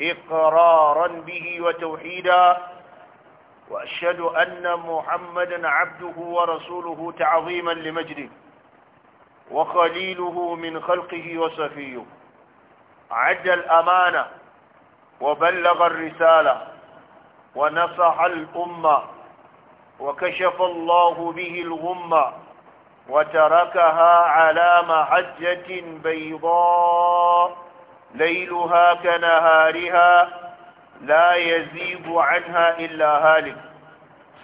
إقرارا به وتوحيدا وأشهد أن محمدا عبده ورسوله تعظيما لمجده وخليله من خلقه وصفيه عد الأمانة وبلغ الرسالة ونصح الأمة وكشف الله به الغمة وتركها على محجة بيضاء ليلها كنهارها لا يزيب عنها إلا هالك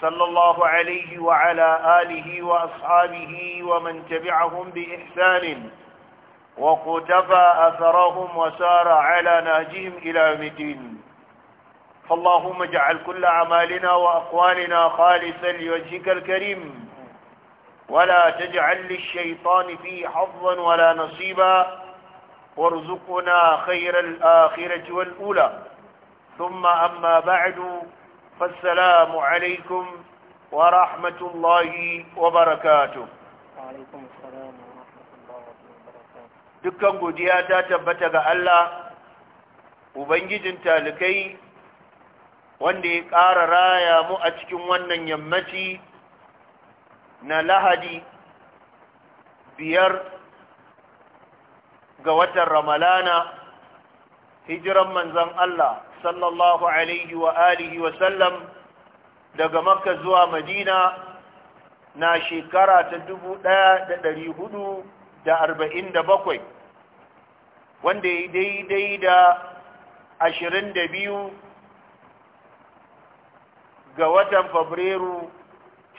صلى الله عليه وعلى آله وأصحابه ومن تبعهم بإحسان وقتفى أثرهم وسار على نهجهم إلى مدين فاللهم اجعل كل أعمالنا وأقوالنا خالصا لوجهك الكريم ولا تجعل للشيطان فيه حظا ولا نصيبا وارزقنا خير الآخرة والأولى ثم أما بعد فالسلام عليكم ورحمة الله وبركاته وعليكم السلام dukkan godiya ta tabbata ga Allah ubangijin talikai wanda ya ƙara raya mu a cikin wannan yammaci na lahadi biyar ga watan ramalana hijiran manzan Allah sallallahu alaihi wa alihi wa sallam daga makka zuwa madina na shekara ta dubu ɗaya da da da bakwai, wanda ya daidai da ashirin da biyu ga watan fabrairu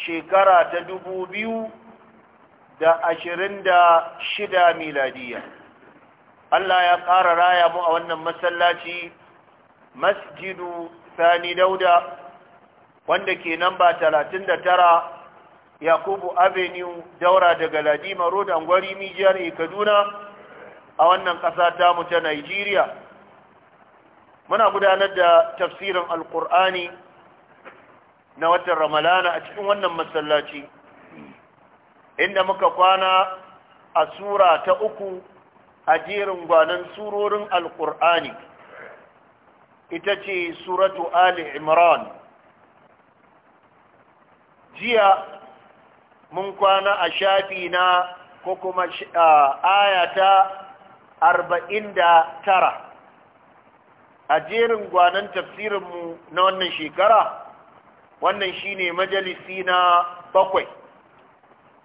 shekara ta dubu biyu da ashirin da shida miladiya Allah ya ƙara raya mu a wannan masallaci masjidu sani dauda wanda ke da tara yakubu avenue daura daga ladima road angwari mijiyar e, kaduna a wannan ƙasa ta ta nigeria muna gudanar da tafsirin alkur'ani na watan ramalana a cikin wannan masallaci inda muka kwana a sura ta uku a jerin gwanan surorin alƙur'ani ita ce suratu ali imran jiya mun kwana a shafi na ko kuma ayata arba'in da tara a jerin gwanan tafsirinmu na wannan shekara wannan shine majalisi na bakwai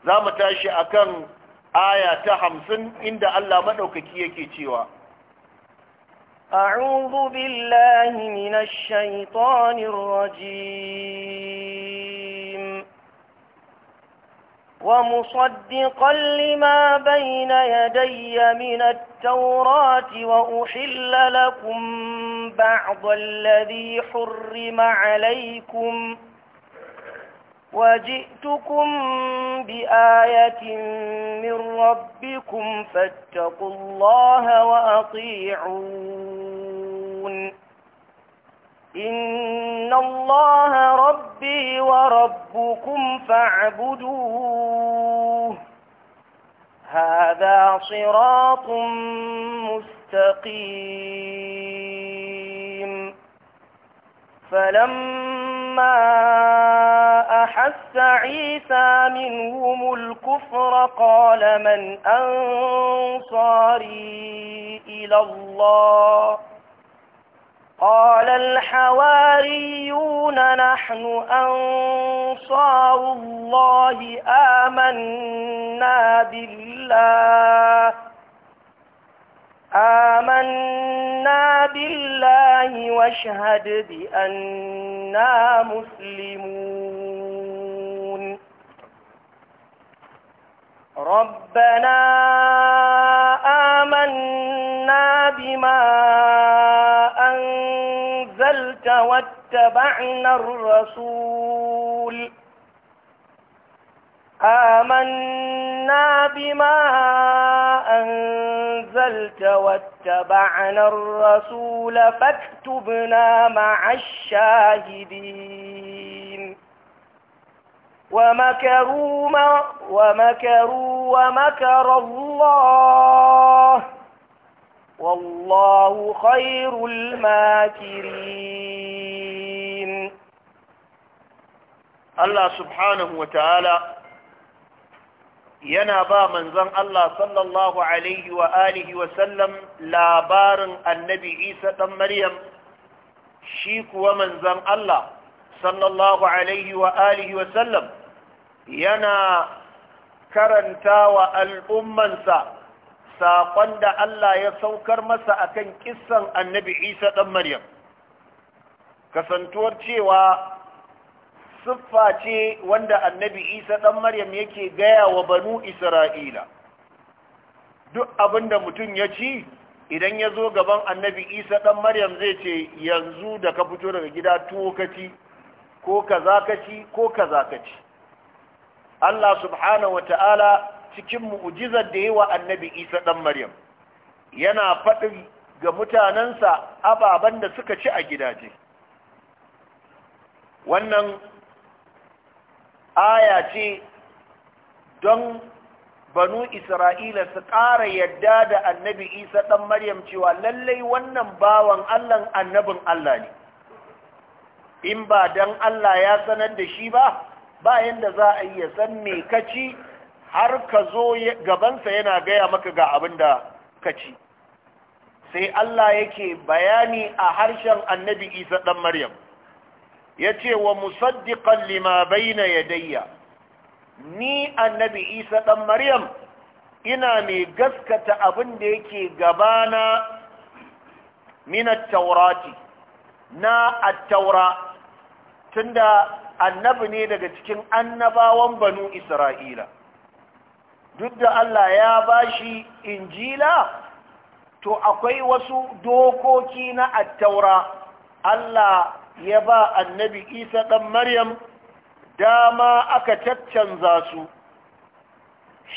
za mu tashi akan aya ta hamsin inda Allah maɗaukaki yake cewa أعوذ بالله من الشيطان الرجيم ومصدقا لما بين يدي من التوراة وأحل لكم بعض الذي حرم عليكم ومصدقا وجئتكم بآية من ربكم فاتقوا الله وأطيعون إن الله ربي وربكم فاعبدوه هذا صراط مستقيم فلما فلما أحس عيسى منهم الكفر قال من أنصاري إلى الله قال الحواريون نحن أنصار الله آمنا بالله آمنا بالله واشهد بأننا مسلمون ربنا آمنا بما أنزلت واتبعنا الرسول آمنا بما أنزلت واتبعنا الرسول فاكتبنا مع الشاهدين ومكروا, ومكروا ومكر الله والله خير الماكرين الله سبحانه وتعالى yana ba manzon Allah sallallahu alaihi wa alihi wa sallam labarin annabi Isa dan Maryam shi kuwa manzon Allah sallallahu alaihi wa alihi wa sallam yana karanta wa al'ummansa saƙon da Allah ya saukar masa akan kissan annabi Isa ɗan Maryam kasantuwar cewa siffa ce wanda annabi isa ɗan maryam yake gaya wa banu isra'ila duk abinda mutum ya ci idan ya zo gaban annabi isa ɗan maryam zai ce yanzu da ka fito daga gida tuwo ka ko kaza ka ci ko kaza ka ci allah subhanahu Ta'ala cikin mu'ujizar da yi wa annabi isa ɗan maryam yana faɗi ga mutanensa ababen da suka ci a gidaje wannan aya ce don banu isra'ila su ƙara yadda da annabi isa ɗan maryam cewa lallai wannan bawan allah annabin allah ne in ba don allah ya sanar da shi ba bayan da za a iya san me kaci har ka zo gabansa yana gaya maka ga abin da kaci sai allah yake bayani a harshen annabi isa ɗan maryam ya ce wa musaddiƙan lima bayna yadayya ni annabi isa ɗan maryam ina mai gaskata abin da yake gabana minat taurati na attaura tunda annabi ne daga cikin annabawan banu isra'ila duk da allah ya bashi injila to akwai wasu dokoki na attaura allah ya ba annabi isa ɗan maryam dama aka caccanza su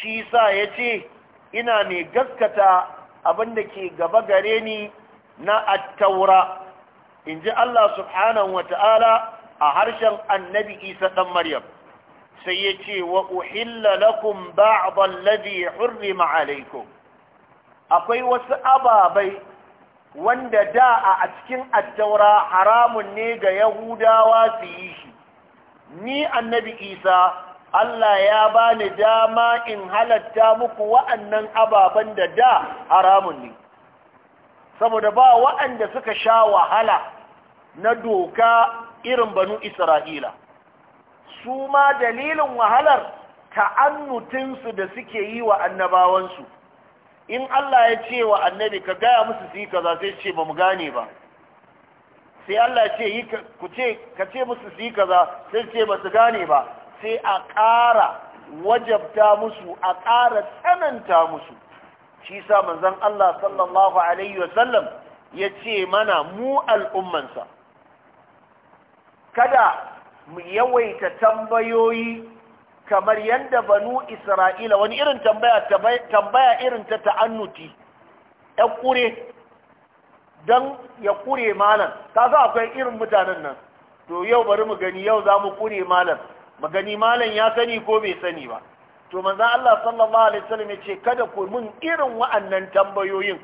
shi sa ya ce ina mai gaskata abinda ke gaba gare ni na attaura in ji Allah subhanahu wa ta'ala a harshen annabi isa ɗan maryam sai ya ce wa uhilla lakum ba'd allazi hurrima alaikum akwai wasu ababai wanda da a cikin attaura haramun ne ga yahudawa su yi shi ni annabi isa Allah ya bani dama in halatta muku wa'annan ababen da da haramun ne saboda ba wa'anda suka sha wahala na doka irin banu isra'ila su ma dalilin wahalar ta'annutinsu da suke yi wa annabawansu in Allah ya ce wa annabi ka gaya musu su yi kaza sai ce ba mu gane ba sai Allah ya ce yi ku ce ka ce musu su yi kaza sai ce ba su gane ba sai a ƙara wajabta musu a ƙara tsananta musu shi sa manzon Allah sallallahu alaihi wasallam ya ce mana mu al'ummansa kada mu yawaita tambayoyi kamar yadda banu isra'ila wani irin tambaya tambaya irin ta ta'annuti ya kure don ya kure malam ta za akwai irin mutanen nan to yau bari mu gani yau za mu kure malam mu gani malam ya sani ko bai sani ba to manza Allah sallallahu alaihi wasallam ya ce kada ku mun irin wa'annan tambayoyin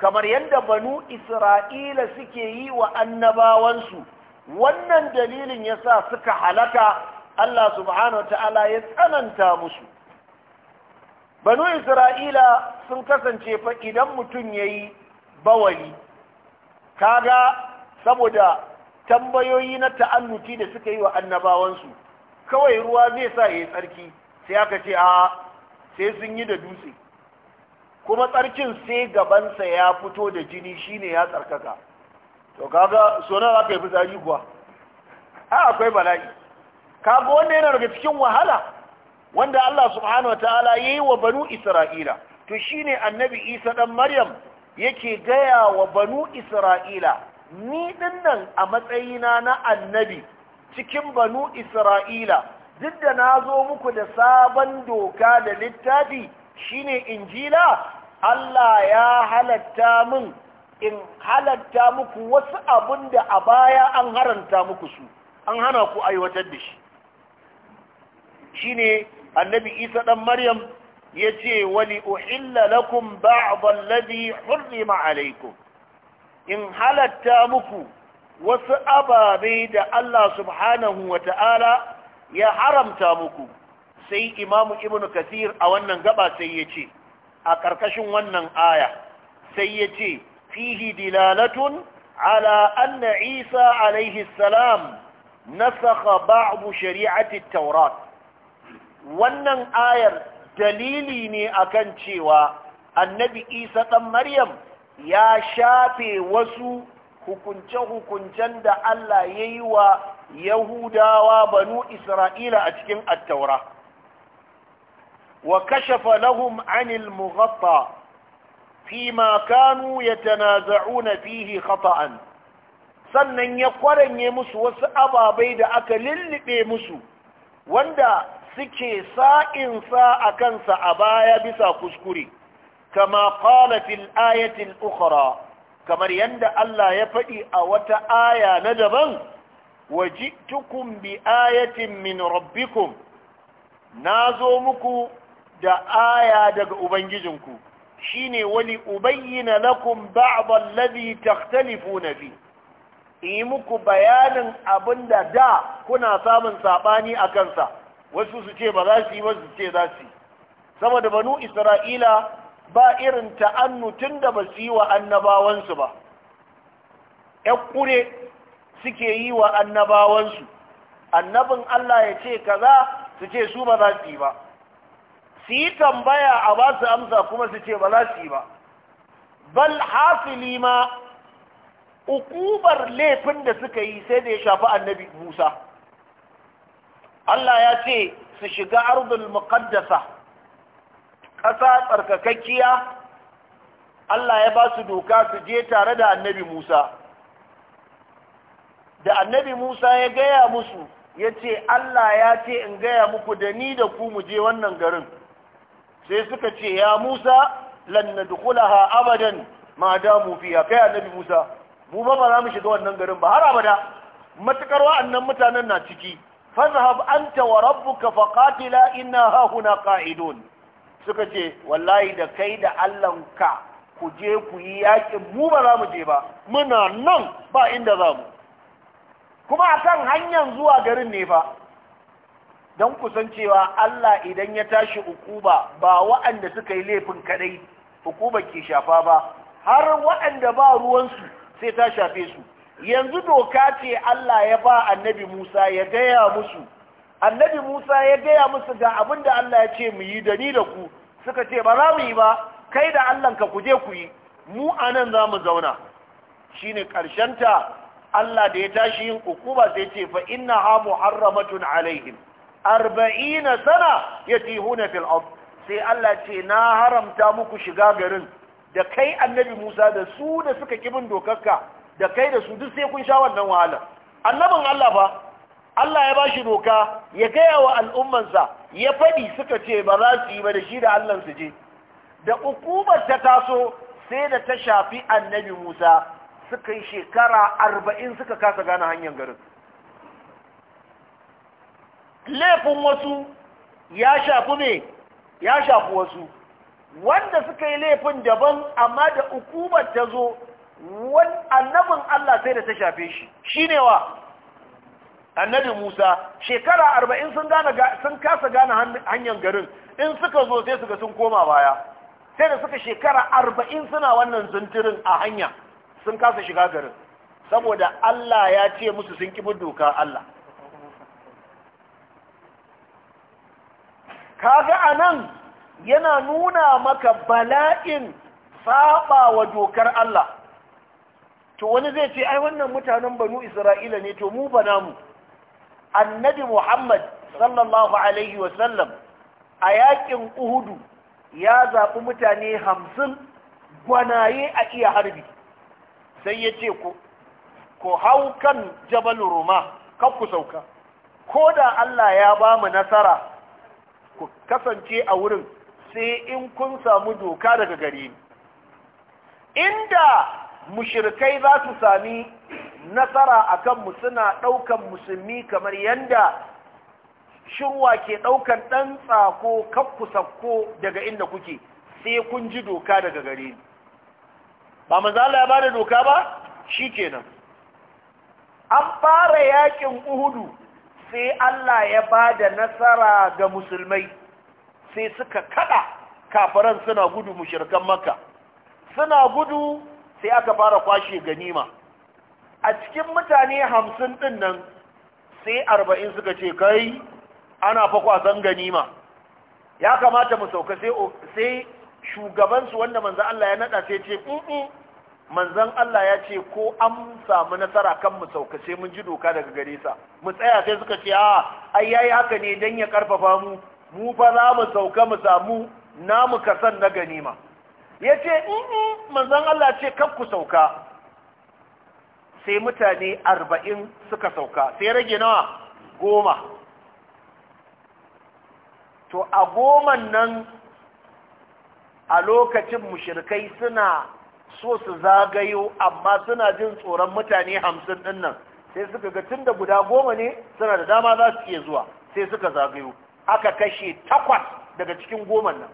kamar yadda banu isra'ila suke yi wa annabawansu wannan dalilin yasa suka halaka Allah subhanahu ta'ala ya tsananta musu banu isra'ila sun kasance fa idan mutum ya yi bawali kaga saboda tambayoyi na ta'annuti da suka yi wa annabawansu kawai ruwa zai sa ya yi tsarki sai aka ce a sai sun yi da dutse kuma tsarkin sai gabansa ya fito da jini shine ya tsarkaka to kaga sonar aka yi fitsari kuwa a akwai bala'i kaga wanda yana daga cikin wahala wanda Allah subhanahu ya yayi wa banu Isra'ila to shine annabi Isa dan Maryam yake gaya wa banu Isra'ila ni dinnan a matsayina na annabi cikin banu Isra'ila duk da na zo muku da sabon doka da littafi shine injila Allah ya halatta min in halatta muku wasu abin da a baya an haranta muku su an hana ku aiwatar da shi shine annabi isa ɗan maryam yace wani uhilla lakum ba'd alladhi hurrima alaikum. in halatta muku wasu ababe da Allah subhanahu wa ta'ala ya haramta muku sai imamu ibn kathir a wannan gaba sai ya ce a ƙarƙashin wannan aya sai ya ce fihi dilalatun ala anna isa alaihi salam nasakha ba'du shari'ati taurat wannan ayar dalili ne akan cewa annabi isa ɗan maryam ya shafe wasu hukunce-hukuncen da Allah ya yi wa yahudawa banu isra'ila a cikin attaura wa kashafa lahum anil mughatta fima kanu yatanaza'una fihi khata'an sannan ya kwaranye musu wasu ababai da aka lullube musu wanda suke sa'insa a kansa a baya bisa kuskure kama qala fil ayatil ukhra kamar yadda Allah ya faɗi a wata aya na daban waji'tukum bi ayatin min rabbikum nazo muku da aya daga ubangijinku shine wani ubayyana lakum ba'd taktalifu na fi yi muku bayanin abinda da kuna samun saɓani a kansa wasu su ce ba za su yi wasu ce za su yi saboda banu isra'ila ba irin ta'annu tun da ba su yi wa annabawansu ba ‘yan kure suke yi wa annabawansu annabin Allah ya ce kaza su ce su ba za su yi ba su yi tambaya a ba su amsa kuma su ce ba za su yi ba bal hasili ma ukubar laifin da suka yi sai da ya shafi annabi musa Allah ya ce su shiga ardul muqaddasa ƙasa tsarkakakkiya Allah ya ba su doka su je tare da annabi Musa da annabi Musa ya gaya musu ya ce Allah ya ce in gaya muku da ni da ku mu je wannan garin sai suka ce ya Musa lan nadkhulaha abadan ma damu fiha kai annabi Musa mu ba ba za mu shiga wannan garin ba har abada matukar wa'annan mutanen na ciki fazhab anta wa rabbuka faqatila inna hahuna qa'idun suka ce wallahi da kai da ka ku je ku yi yakin mu ba za mu je ba muna nan ba inda za mu kuma akan hanyar zuwa garin ne fa don kusancewa Allah idan ya tashi ukuba ba waɗanda suka yi laifin kadai ukuba ke shafa ba har waɗanda ba ruwansu sai ta shafe su yanzu doka ce Allah ya ba annabi Musa ya gaya musu annabi Musa ya gaya musu ga abin da Allah ya ce mu yi da ni da ku suka ce ba za mu yi ba kai da Allah ka kuje ku yi mu a nan za mu zauna Shi shine ta Allah da ya tashi yin ukuba sai ce fa inna ha muharramatun alaihim arba'ina sana yatihuna fil ard sai Allah ce na haramta muku shiga garin da kai annabi Musa da su da suka kibin dokarka da kai da su duk sai kun sha wannan wahala annabin Allah ba Allah ya bashi doka ya gaya wa al'ummansa ya faɗi suka ce ba za su yi ba da shi da Allah su je da hukumar ta taso sai da ta shafi annabi Musa suka yi shekara arba'in suka kasa gane hanyar garin laifin wasu ya shafi ne ya shafi wasu wanda suka yi laifin daban amma da hukumar ta zo annabin Allah sai da ta shafe shi Shi ne wa annabi Musa shekara arba'in sun kasa gane hanyar garin in suka zo sai suka sun koma baya sai da suka shekara arba'in suna wannan zintirin a hanya sun kasa shiga garin saboda Allah ya ce musu sun kibin doka Allah kaga anan yana nuna maka bala'in saba wa dokar Allah to wani zai ce ai wannan mutanen banu isra'ila ne to mu ba mu. annabi muhammad sallallahu alaihi wasallam a yakin uhudu ya zaɓi mutane hamsin gwanaye a iya harbi sai ya ce ko hau kan jabal ruma kan ku sauka ko da allah ya ba mu nasara ku kasance a wurin sai in kun samu doka daga gare ni inda mushirkai za su sami nasara a kanmu suna ɗaukan musulmi kamar yadda shirwa ke ɗaukan ɗan tsako kakkusakko daga inda kuke sai kun ji doka daga gare ni ba mazala ya ba da doka ba shi kenan an fara yakin uhudu sai Allah ya ba da nasara ga musulmai sai suka kada kafaran suna gudu mushirkan maka suna gudu sai aka fara kwashe ganima a cikin mutane hamsin ɗin nan sai arba'in suka ce kai ana fa kwasan ganima ya kamata mu sauka sai shugabansu wanda manzan Allah ya naɗa sai ce ƙuƙu manzan Allah ya ce ko an samu nasara kan mu sauka sai mun ji doka daga gare sa mu tsaya sai suka ce a ah, ai yayi haka ne don ya karfafa mu mu fa za mu sauka mu samu namu kasan na ganima ya ce inu manzan Allah ce kan ku sauka sai mutane arba'in suka sauka sai rage nawa goma to a goman nan a lokacin mushirkai suna so su zagayo amma suna jin tsoron mutane hamsin din nan sai suka ga tun da guda goma ne suna da dama za su iya zuwa sai suka zagayo aka kashe takwas daga cikin goman nan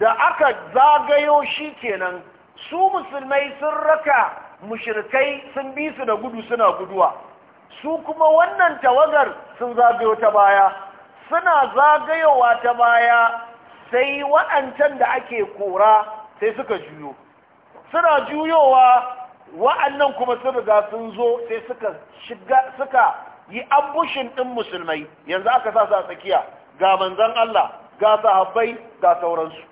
da aka zagayo shi kenan su musulmai sun raka mushirkai sun bi su da gudu suna guduwa su kuma wannan tawagar sun zagayo ta baya suna zagayowa ta baya sai wa'ancan da ake kora sai suka juyo suna juyowa wa'annan kuma sun riga sun zo sai suka shiga suka yi ambushin ɗin musulmai yanzu aka sa su a tsakiya ga manzan Allah ga sahabbai ga sauransu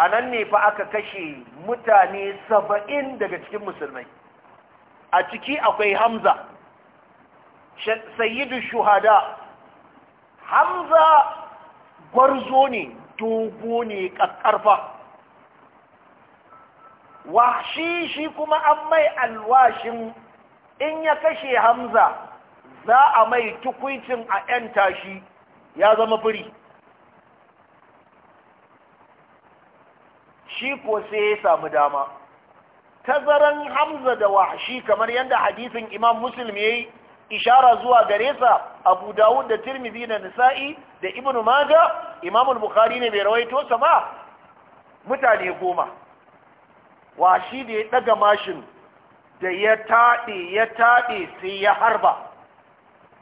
a nan ne fa aka kashe mutane saba'in daga cikin musulmai a ciki akwai hamza sayyidu shuhada hamza gwarzo ne dogo ne ƙaƙƙarfa. washi shi kuma an mai alwashin in ya kashe hamza za a mai tukwicin a 'yan tashi ya zama firi shi ko sai ya samu dama tazaran hamza da wahshi kamar yadda hadisin imam muslim ya yi ishara zuwa gare sa abu dawud da tirmidhi da nisa'i da ibnu maja imam bukhari ne bai rawaito sa ba mutane goma washi da ya daga mashin da ya taɗe ya taɗe sai ya harba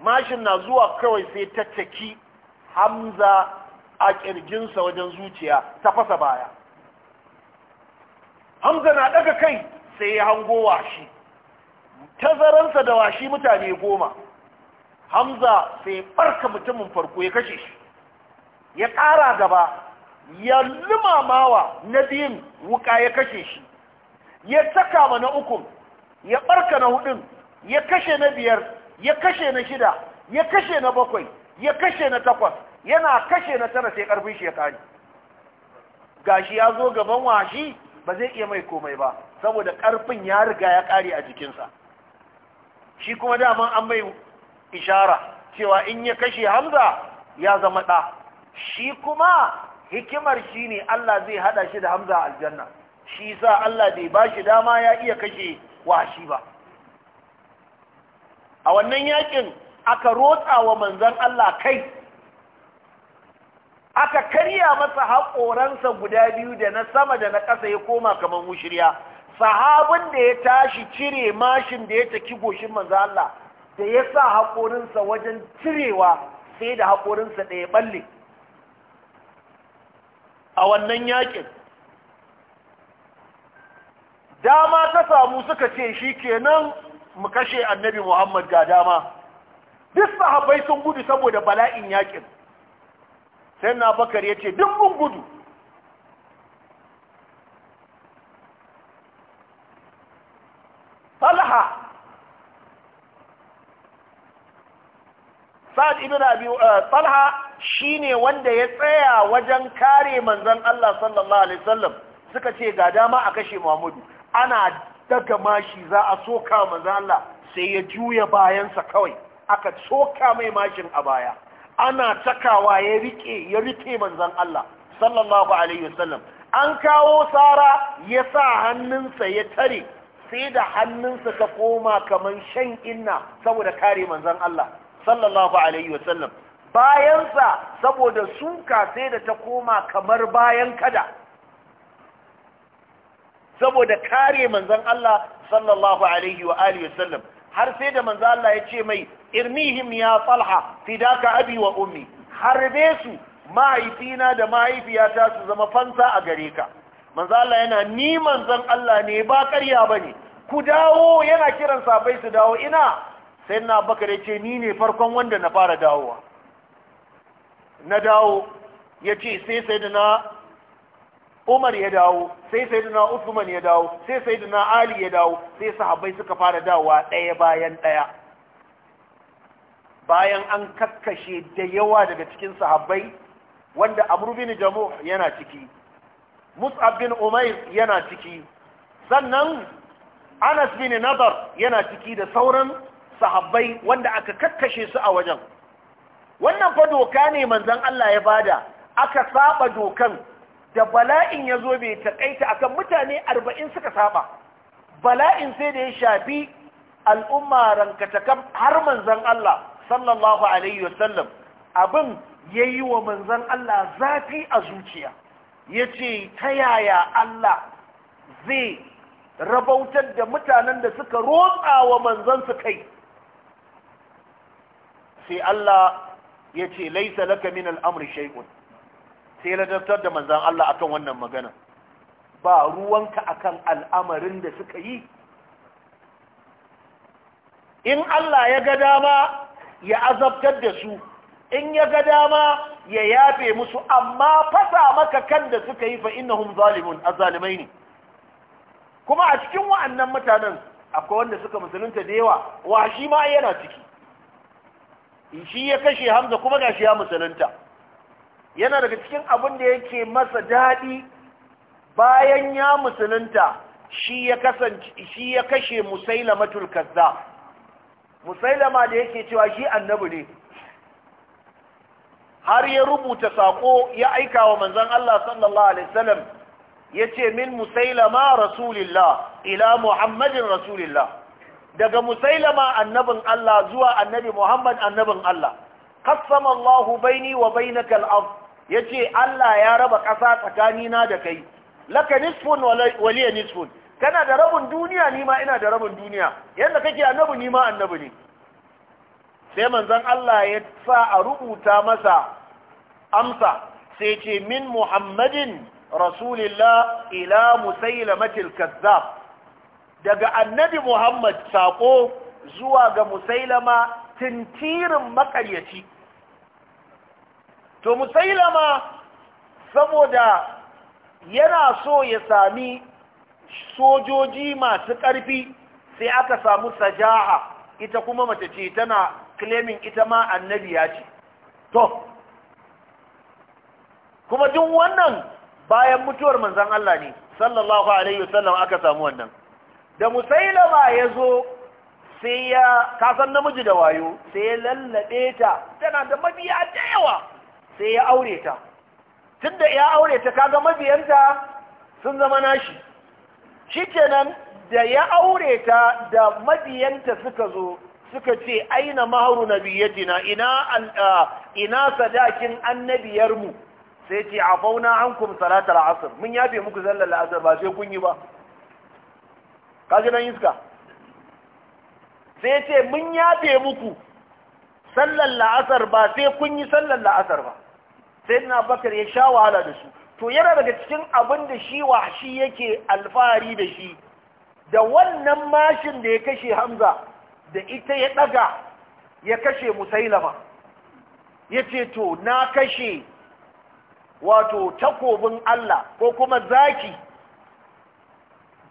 mashin na zuwa kawai sai ta caki hamza a ƙirjinsa wajen zuciya ta fasa baya hamza na daga kai sai ya hango washi tazaransa da washi mutane goma hamza sai barka mutumin farko ya kashe shi ya ƙara gaba ya limamawa na biyun wuka ya kashe shi ya saka ma na ukun ya barka na hudun ya kashe na biyar ya kashe na shida ya kashe na bakwai ya kashe na takwas yana kashe na tara sai karfin shekari gashi ya zo gaban washi ba zai iya mai komai ba saboda ƙarfin ya riga ya ƙare a jikinsa shi kuma daman an mai ishara cewa in ya kashe hamza ya zama ɗa shi kuma hikimar shi ne Allah zai haɗa shi da hamza a aljanna shi sa Allah bai ba shi dama ya iya kashe washi ba a wannan yakin aka rotsa wa manzan Allah kai aka karya masa haƙoransa guda biyu da na sama da na ƙasa ya koma kamar mushirya sahabin da ya tashi cire mashin da ya taki goshin manzo Allah da ya sa haƙorinsa wajen cirewa sai da haƙorinsa ɗaya ya balle a wannan yakin dama ta samu suka ce shi kenan mu kashe annabi Muhammad ga dama duk sahabbai sun gudu saboda bala'in yakin sai na bakar ya ce dimbin gudu talha sa'ad ibn abi uh, talha shine wanda ya tsaya wajen kare manzon Allah sallallahu alaihi wasallam suka ce ga dama a kashe Muhammadu ana daga mashi za a soka manzon Allah sai ya juya bayansa kawai aka soka mai mashin a baya ana takawa ya rike ya rike manzon Allah sallallahu alaihi wasallam an kawo sara ya sa hannunsa ya tare sai da hannunsa ta koma kaman shan inna saboda kare manzon Allah sallallahu alaihi wasallam bayansa saboda suka sai da ta koma kamar bayan kada saboda kare manzon Allah sallallahu alaihi wa alihi wasallam har sai da manzon Allah ya ce mai irmihim ya talha fidaka abi wa ummi harbe su mahaifina da mahaifiyata su zama fansa a gare ka manzo Allah yana ni zan Allah ne ba ƙarya bane ku dawo yana kiran sabai su dawo ina sai na bakare ce ni ne farkon wanda na fara dawowa na dawo yace sai sai da na Umar ya dawo sai sai da na Uthman ya dawo sai sai da na Ali ya dawo sai sahabbai suka fara dawowa ɗaya bayan ɗaya bayan an kakkashe da yawa daga cikin sahabbai wanda Amurbin bin yana ciki mus'ab bin umair yana ciki sannan anas bin nadar yana ciki da sauran sahabbai wanda aka kakkashe su a wajen wannan fa doka ne manzon Allah ya bada aka saba dokan da bala'in ya zo bai takaita akan mutane arba'in suka saba bala'in sai da ya shafi al'umma rankatakan har manzon Allah sallallahu alaihi wasallam abin ya yi wa manzan Allah zafi a zuciya ya ce ta yaya Allah zai rabautar da mutanen da suka rotsa wa manzansu kai sai Allah ya ce laisa laka min al'amri shay'un sai ladabtar da manzan Allah akan wannan magana ba ruwanka akan al'amarin da suka yi in Allah ya ga dama ya azabtar da su in ya ga dama ya yafe musu amma fasa maka kan da suka yi fa innahum zalimun ne kuma a cikin wa'annan mutanen akwai wanda suka musulunta da yawa wa shi ma yana ciki shi ya kashe hamza kuma ga shi ya musulunta yana daga cikin abin da yake masa daɗi bayan ya musulunta shi ya kasance shi ya kashe musailamatul kazzab musailama da yake cewa shi annabi ne har ya rubuta sako ya aika wa manzon Allah sallallahu alaihi wasallam yace min musailama rasulillah ila muhammadin rasulillah daga musailama annabin Allah zuwa annabi muhammad annabin Allah qassama baini wa bainaka al-ard yace Allah ya raba ƙasa tsakanina da kai laka nisfun waliya liya nisfun kana da rabin duniya ni ma ina da rabin duniya yadda kake annabi ni ma annabi ne sai manzon Allah ya sa a rubuta masa amsa sai ce min muhammadin rasulillah ila musailamatil kazzab daga annabi muhammad sako zuwa ga musailama tintirin makaryaci to musailama saboda yana so ya sami sojoji masu ƙarfi sai aka samu saja'a ita kuma mace ce tana claiming ita ma annabi ya ce to kuma jin wannan bayan mutuwar manzan Allah ne sallallahu alaihi wasallam aka samu wannan da musailama ya zo sai ya kasan namiji da wayo sai ya lallaɓe ta tana da mabiya da yawa sai ya aure ta tunda ya aure ta kaga mabiyanta sun zama nashi kenan da ya aure ta da mabiyanta suka zo suka ce aina maharu nabiyatina ina ina sadakin annabiyarmu sai ce a fauna an kum salatar asir mun yafe muku zallar la'asar ba sai kun yi ba kaji nan iska sai ce mun yafe muku sallar la'asar ba sai kun yi sallar la'asar ba sai na bakar ya sha wahala da su to yana daga cikin abin da shi wa shi yake alfahari da shi da wannan mashin da ya kashe hamza da ita ya daga ya kashe musailama ya ce to na kashe wato takobin Allah ko kuma zaki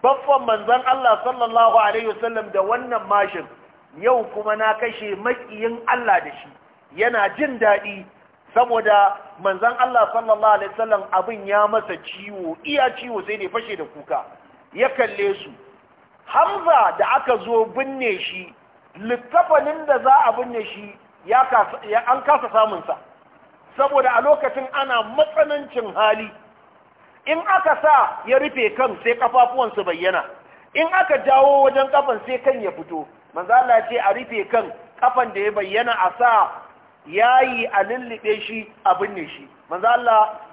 baffan manzan Allah sallallahu Alaihi wasallam da wannan mashin yau kuma na kashe makiyin Allah da shi yana jin daɗi saboda manzan Allah sallallahu alaihi wasallam abin ya masa ciwo iya ciwo sai ne fashe da kuka ya kalle su Hamza da aka zo binne shi littafanin da za a binne shi ya an kasa sa. saboda a lokacin ana matsanancin hali in aka sa ya rufe kan sai su bayyana in aka jawo wajen kafan sai kan ya fito manzala ce a rufe kan kafan da ya bayyana a sa yayi a lullube shi a binne shi manzo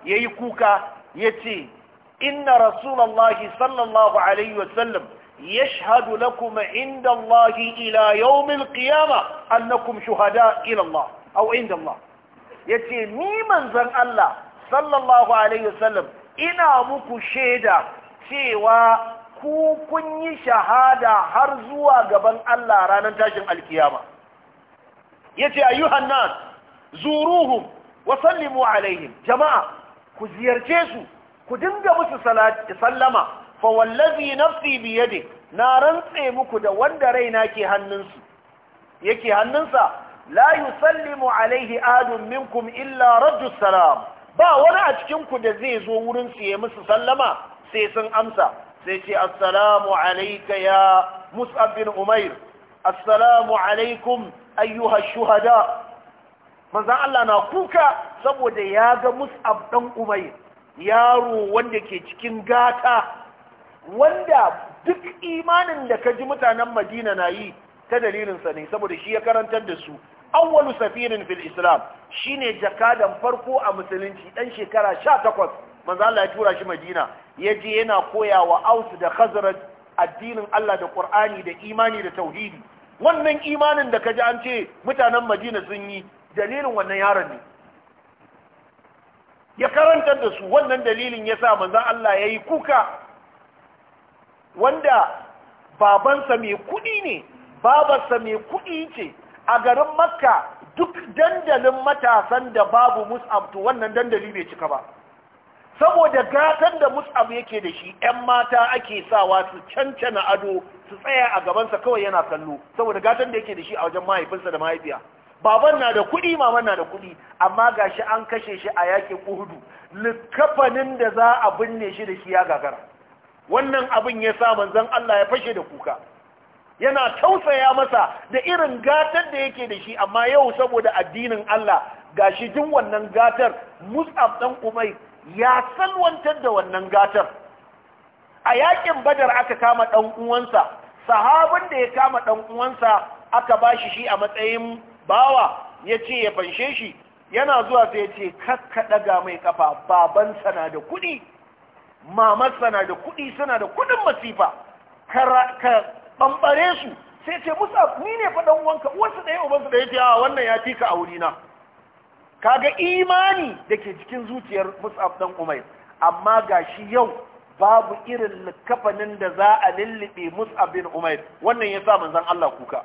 ya yi kuka ya yace inna rasulullahi sallallahu alaihi wasallam na kuma inda Allah ila yau yawm alqiyamah annakum shuhada ila Allah aw inda Allah Ya ce, ni manzan Allah sallallahu alaihi wasallam ina muku shaida cewa ku kun yi shahada har zuwa gaban Allah ranar tashin alkiyama yace ayyuhan nas zuruhum wa sallimu alaihim jama'a ku ziyarce su ku dinga musu salati sallama fa wallazi nafsi bi yadi na rantse muku da wanda raina ke hannunsu yake hannunsa la yusallimu alaihi adun minkum illa raddu salam ba wani a cikin ku da zai zo wurin su ya musu sallama sai sun amsa sai ce assalamu alayka ya mus'ab bin umair assalamu alaikum ayyuhar shuhada manzan Allah na kuka saboda ya ga mus'ab dan umayr yaro wanda ke cikin gata wanda duk imanin da ka ji mutanen madina na yi ta dalilinsa ne saboda shi ya karantar da su awwalu safirin fil islam shine jakadan farko a musulunci dan shekara 18 manzo Allah ya tura shi madina yaje yana koyawa aus da khazraj addinin Allah da qur'ani da imani da tauhidi wannan imanin da ka ji an ce mutanen madina sun yi dalilin wannan yaron ne ya karantar da su wannan dalilin ya sa manzan Allah ya yi kuka wanda babansa mai kuɗi ne babarsa mai kuɗi ce a garin makka duk dandalin matasan da babu mus'ab to wannan dandali bai cika ba saboda gatan da mus'ab yake da shi 'yan mata ake sawa su cancana ado su tsaya a gabansa kawai yana kallo saboda gatan da yake da shi a wajen mahaifinsa da mahaifiya baban na da kuɗi maman na da kuɗi amma gashi an kashe shi a yakin kudu likafanin da za a binne shi da shi ya gagara wannan abin ya sa manzon Allah ya fashe da kuka yana tausaya masa da irin gatar da yake da shi amma yau saboda addinin Allah gashi jin wannan gatar Mus'ab dan Umay ya salwantar da wannan gatar a yakin badar aka kama ɗan uwansa sahabin da ya kama ɗan uwansa aka ba shi shi a matsayin bawa ya ce ya fanshe shi yana zuwa sai yace kakka daga mai kafa baban sana da kuɗi, mamar sana da kuɗi, suna da kuɗin masifa ka bambare su sai ce musa ni ne fa ɗan uwanka wasu da uban su da ce a wannan ya ka a wurina kaga imani da ke cikin zuciyar musa ɗan umar, amma ga shi yau babu irin kafanin da za a lullube Mus'ab bin Umair wannan yasa manzon Allah kuka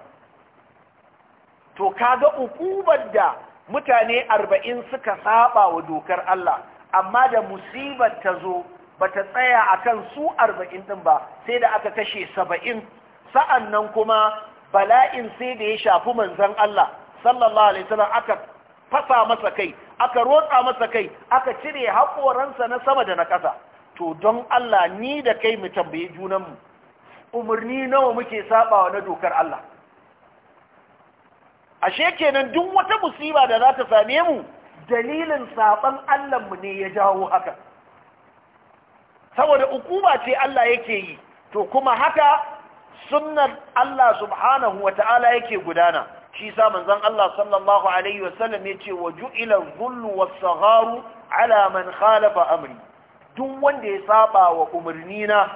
to kaga ukubar da mutane arba'in suka saba wa dokar Allah amma da musibar ta zo bata tsaya akan su arba'in din ba sai da aka kashe saba'in sa'annan kuma bala'in sai da ya shafi manzon Allah sallallahu alaihi wasallam aka fasa masa kai aka rotsa masa kai aka cire haƙoransa na sama da na ƙasa to don Allah ni da kai mu tambaye junanmu umarni nawa muke sabawa na dokar Allah ashe kenan duk wata musiba da za ta same mu dalilin saban mu ne ya jawo haka saboda ukuba ce Allah yake yi to kuma haka sunnar Allah subhanahu ta'ala yake gudana shi sa manzon Allah sallallahu alaihi wasallam yace wa ju'ila dhullu was-sagharu ala man khalafa amri duk wanda ya saba wa umarni na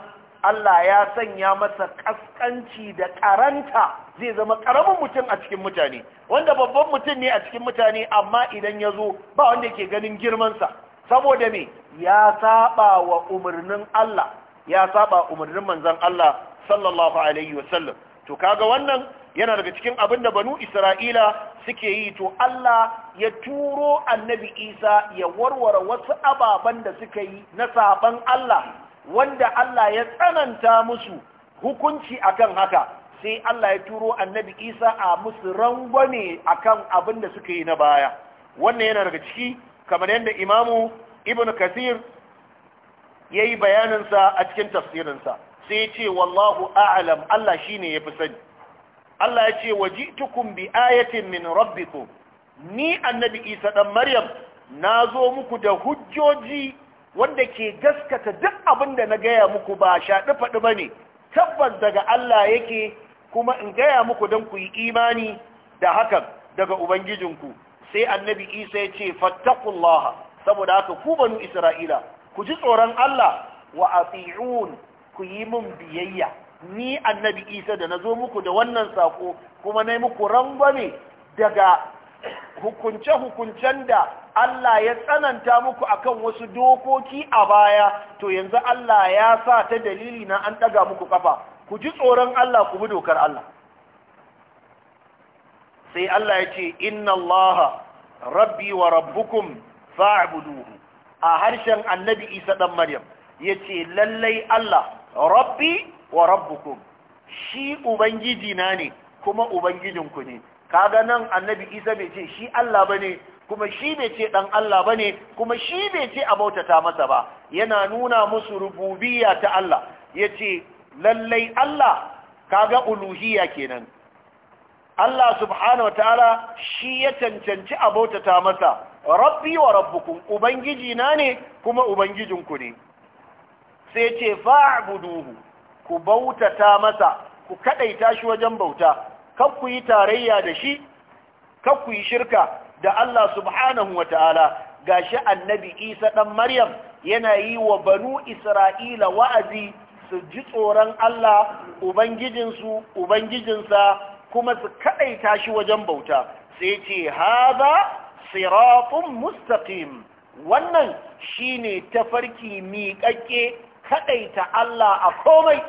Allah ya sanya masa kaskanci da karanta zai zama karamin mutum a cikin mutane wanda babban mutum ne a cikin mutane amma idan ya zo ba wanda ke ganin girmansa saboda me ya saba wa umarnin Allah ya saba umarnin manzon Allah sallallahu alaihi wasallam to kaga wannan yana daga cikin abin da banu isra'ila suke yi to Allah ya turo annabi isa ya warware wasu ababen da suka yi na saban Allah wanda Allah ya tsananta musu hukunci akan haka sai Allah ya turo annabi isa a musu rangwame akan abin da suka yi na baya wannan yana daga ciki kamar yadda imamu ibn kasir ya yi bayaninsa a cikin tafsirinsa sai ce wallahu a'alam Allah shine ya fi sani Allah ya ce tukun bi ayatin min rabbiku ni annabi Isa dan Maryam na zo muku da hujjoji wanda ke gaskata duk abin da na gaya muku ba shaɗi faɗi bane tabbas daga Allah yake kuma in gaya muku don ku yi imani da hakan daga Ubangijinku sai annabi Isa ya ce fattakullaha saboda haka ku banu Isra'ila ku ji tsoron Allah wa ati'un ku yi mun biyayya ni annabi isa da na zo muku da wannan sako kuma na muku rangwame daga hukunce-hukuncen da Allah ya tsananta muku akan wasu dokoki a baya to yanzu Allah ya sa ta dalili na an ɗaga muku ƙafa, ku ji tsoron Allah ku bi dokar Allah sai Allah ya ce inna Allah rabbi wa rabbukum fa'buduhu a harshen annabi isa ɗan maryam ya ce lallai Allah rabbi wa rabbukum shi ubangiji na ne kuma ubangijinku ne kaga nan annabi isa bai ce shi Allah bane kuma shi bai ce dan Allah bane kuma shi bai ce a bautata masa ba yana nuna musu rububiyya ta Allah yace lallai Allah kaga uluhiyya kenan Allah subhanahu wataala shi ya cancanci a bautata masa rabbi wa rabbukum ubangiji na ne kuma ubangijin ku ne sai ce fa'buduhu ku bautata masa ku kadaita shi wajen bauta kan ku yi tarayya da shi kan ku yi shirka da Allah subhanahu ga gashi annabi Isa ɗan Maryam yana yi wa banu Isra'ila wa'azi su ji tsoron Allah ubangijinsu ubangijinsa kuma su kadaita shi wajen bauta sai ce haza siratun mustaqim wannan shine tafarki miƙaƙe kaɗaita Allah a komai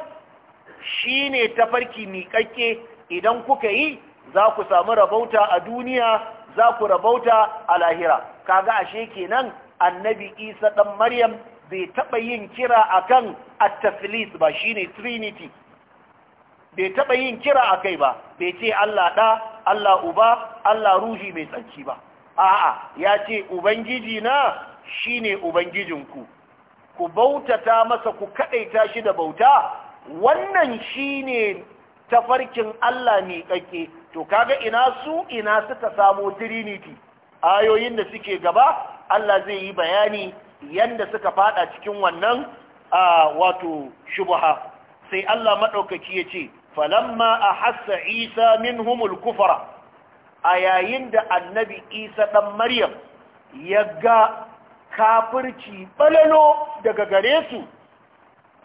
shi ne tafarki miƙaƙƙe idan kuka yi za ku samu rabauta a duniya za ku rabauta a lahira kaga ashe kenan annabi isa ɗan maryam bai taɓa yin kira akan kan taslis ba ne trinity bai taɓa yin kira a kai ba bai ce Allah ɗa Allah uba Allah ruhi mai tsarki ba a'a ya ce ubangiji na Shi shine ubangijinku ku bautata masa ku kaɗaita shi da bauta wannan shine tafarkin Allah ne kake to kaga ina su ina suka samu trinity ayoyin da suke gaba Allah zai yi bayani yanda suka fada cikin wannan a wato shubha sai Allah madaukaki yace falamma ahassa Isa minhumul kufra a yayin da annabi Isa ɗan Maryam ya ga kafirci balalo daga gare su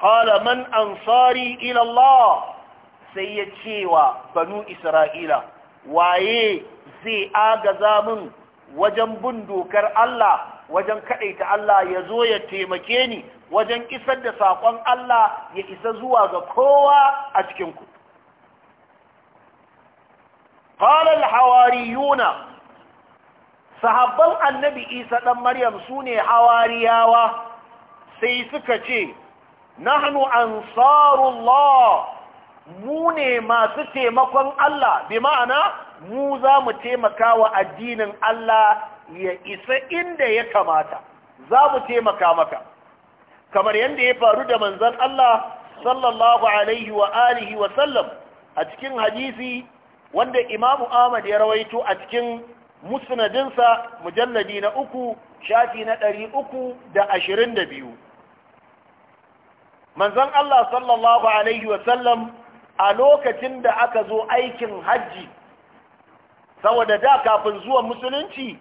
qala man ansari ilallah sai ya cewa banu Isra'ila waye zai agaza min wajen bin dokar Allah wajen kadaita Allah ya zo ya taimake ni wajen isar da saƙon Allah ya isa zuwa ga kowa a cikinku. ku alhawari yuna, hawariyuna sahabban annabi isa ɗan maryam su ne hawariyawa sai suka ce nahnu ansarullah mu ne masu taimakon Allah bi ma'ana mu za mu taimaka wa addinin Allah ya isa inda ya kamata za mu taimaka maka kamar yadda ya faru da manzan Allah sallallahu alaihi wa alihi wa sallam a cikin hadisi wanda imamu Ahmad ya rawaito a cikin musnadinsa mujalladi na uku shafi na ɗari uku da ashirin da biyu manzon Allah sallallahu alaihi wasallam a lokacin da aka zo aikin hajji saboda da kafin zuwan musulunci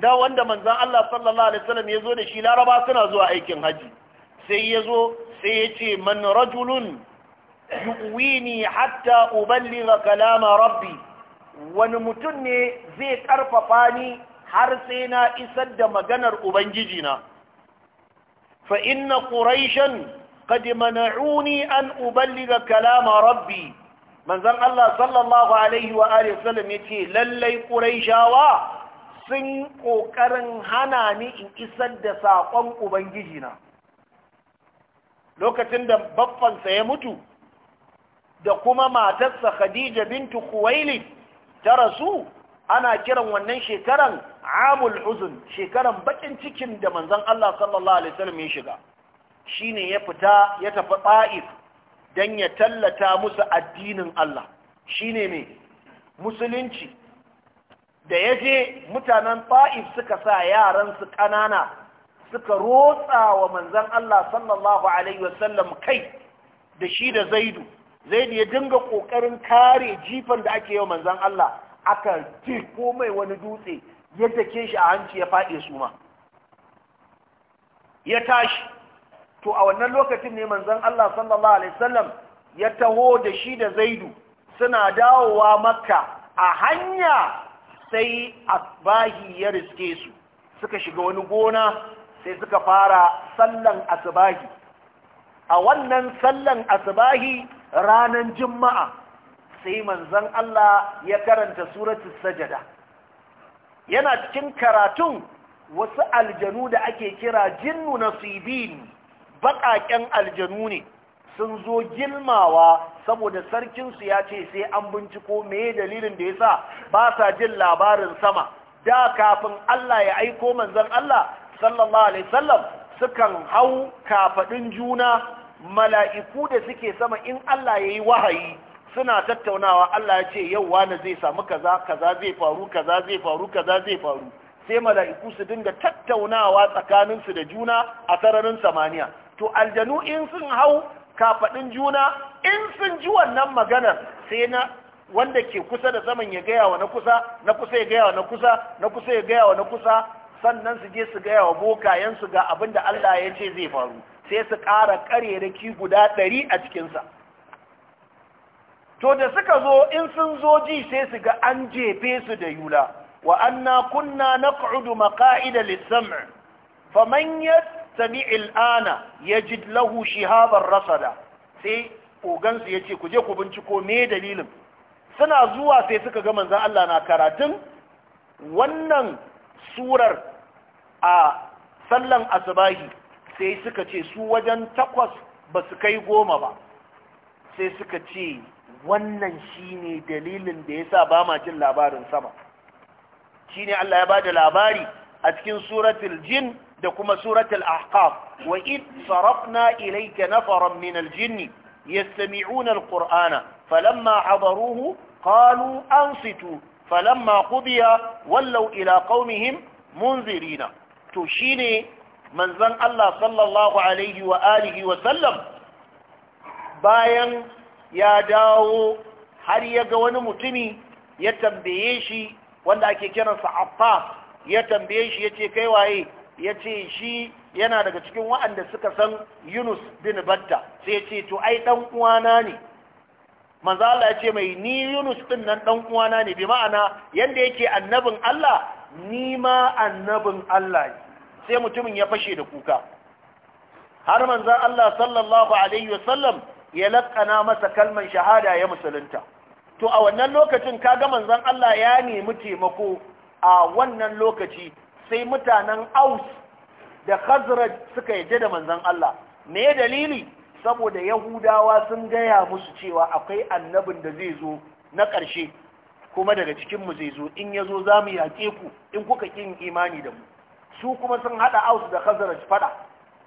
da wanda manzon Allah sallallahu alaihi wasallam ya zo da shi laraba suna zuwa aikin hajji sai ya zo sai ya ce man rajulun yuwini hatta uballigha kalama rabbi wani mutum ne zai karfafa ni har sai na isar da maganar ubangiji fa inna quraishan قد منعوني أن أبلغ كلام ربي من ذن الله صلى الله عليه وآله وسلم يتي للي قريشاوا سن قرن هناني إن إسد ساقم أبنجينا lokacin da baffansa ya mutu da kuma matarsa Khadija bintu kuwaili ta rasu ana kiran wannan shekaran amul huzun shekaran bakin cikin da manzon Allah sallallahu alaihi wasallam ya shiga shine ya fita ya tafi ta'if dan ya tallata musu addinin Allah shine ne musulunci da ya je mutanen ta'if suka sa yaran su ƙanana suka rotsa wa manzan Allah sallallahu Alaihi wasallam kai da shi da zaidu zaidu ya dinga ƙoƙarin kare jifan da ake yi wa manzan Allah aka ko mai wani dutse ya take shi a hanci ya faɗi su ma ya tashi to a wannan lokacin ne manzon Allah sallallahu alaihi wasallam ya taho da shi da Zaidu suna dawowa Makka a hanya sai asbahi ya riske su suka shiga wani gona sai suka fara sallan asbahi a wannan sallan asbahi ranan juma'a sai manzon Allah ya karanta suratul sajada yana cikin karatun wasu aljanu da ake kira jinnu nasibin baƙaƙen aljanu ne sun zo gilmawa saboda sarkinsu ya ce sai an binciko me dalilin da ya sa ba sa jin labarin sama da kafin Allah ya aiko manzon Allah sallallahu alaihi wasallam sukan hau kafaɗin juna mala'iku da suke sama in Allah ya yi wahayi suna tattaunawa Allah ya ce yau wani zai samu kaza kaza zai faru kaza zai faru kaza zai faru sai mala'iku su dinga tattaunawa tsakaninsu da juna a sararin samaniya to aljanu in sun hau kafaɗin juna in sun ji wannan maganar sai na wanda ke kusa da saman ya gaya wa na kusa na kusa ya gaya wa na kusa na kusa ya gaya wa na kusa sannan su je su gaya wa su ga abin da Allah ya ce zai faru sai su ƙara ƙareraki guda ɗari a cikinsa to da suka zo in sun zo ji sai su ga an jefe su da yula wa anna kunna na maqa'ida lis-sam' faman yat yastabi al'ana yajid lahu shihaban rasada sai ogansu ya ce ku je ku binciko me dalilin suna zuwa sai suka ga manzan Allah na karatun wannan surar a sallan asubahi sai suka ce su wajen takwas ba su kai goma ba sai suka ce wannan shine dalilin da ya sa ba ma jin labarin sama shine Allah ya ba da labari a cikin suratul jin da kuma suratul ahqaf wa id sarafna ilayka nafaran min aljinn yastami'una alqur'ana falamma hadaruhu qalu ansitu falamma qudiya wallaw ila qaumihim munzirina to shine manzon Allah sallallahu alaihi wa alihi wa sallam bayan ya dawo har ya ga wani mutumi ya tambaye shi wanda ake kiransa Affaf ya tambaye shi ya ce kai waye ya ce shi yana daga cikin waɗanda suka san yunus bin batta sai ya ce to ai ɗan uwana ne manzo Allah ya ce mai ni yunus ɗin nan ɗan uwana ne bi ma'ana yanda yake annabin Allah ni ma annabin Allah ne sai mutumin ya fashe da kuka har manzo Allah sallallahu alaihi wasallam ya laƙana masa kalman shahada ya musulunta to a wannan lokacin kaga manzon Allah ya nemi taimako a wannan lokaci sai mutanen aus da khazraj suka yadda da manzon Allah me dalili saboda yahudawa sun gaya musu cewa akwai annabin da zai zo na ƙarshe kuma daga cikin mu zai zo in ya zo za mu yaƙe ku in kuka ƙin imani da mu su kuma sun haɗa aus da khazraj fada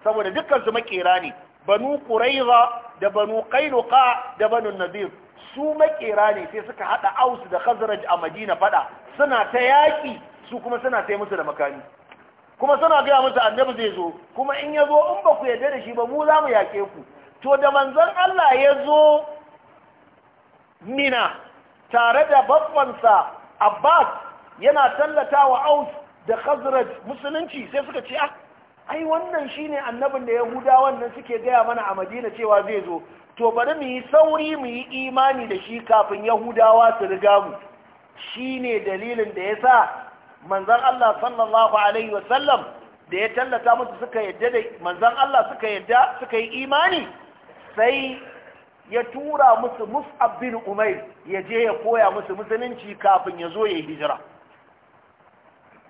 saboda dukkan su makera ne banu quraiza da banu qainuqa da banu nadir su makera ne sai suka haɗa aus da khazraj a madina fada suna ta yaki. su kuma suna sai musu da makami kuma suna gaya musu annabi zai zo kuma in ya zo in ba ku yarda da shi ba mu za mu yaƙe ku to da manzon Allah ya zo mina tare da babbansa abbas yana tallatawa aus da khazraj musulunci sai suka ce ah ai wannan shine annabin da yahudawa nan suke gaya mana a madina cewa zai zo to bari mu yi sauri mu yi imani da shi kafin yahudawa su riga mu shine dalilin da yasa manzan Allah sallallahu alaihi wasallam da ya tallata musu suka yadda da manzan Allah suka yadda suka yi imani sai ya tura musu Mus'ab bin Umair ya je ya koya musu musulunci kafin ya zo ya yi hijira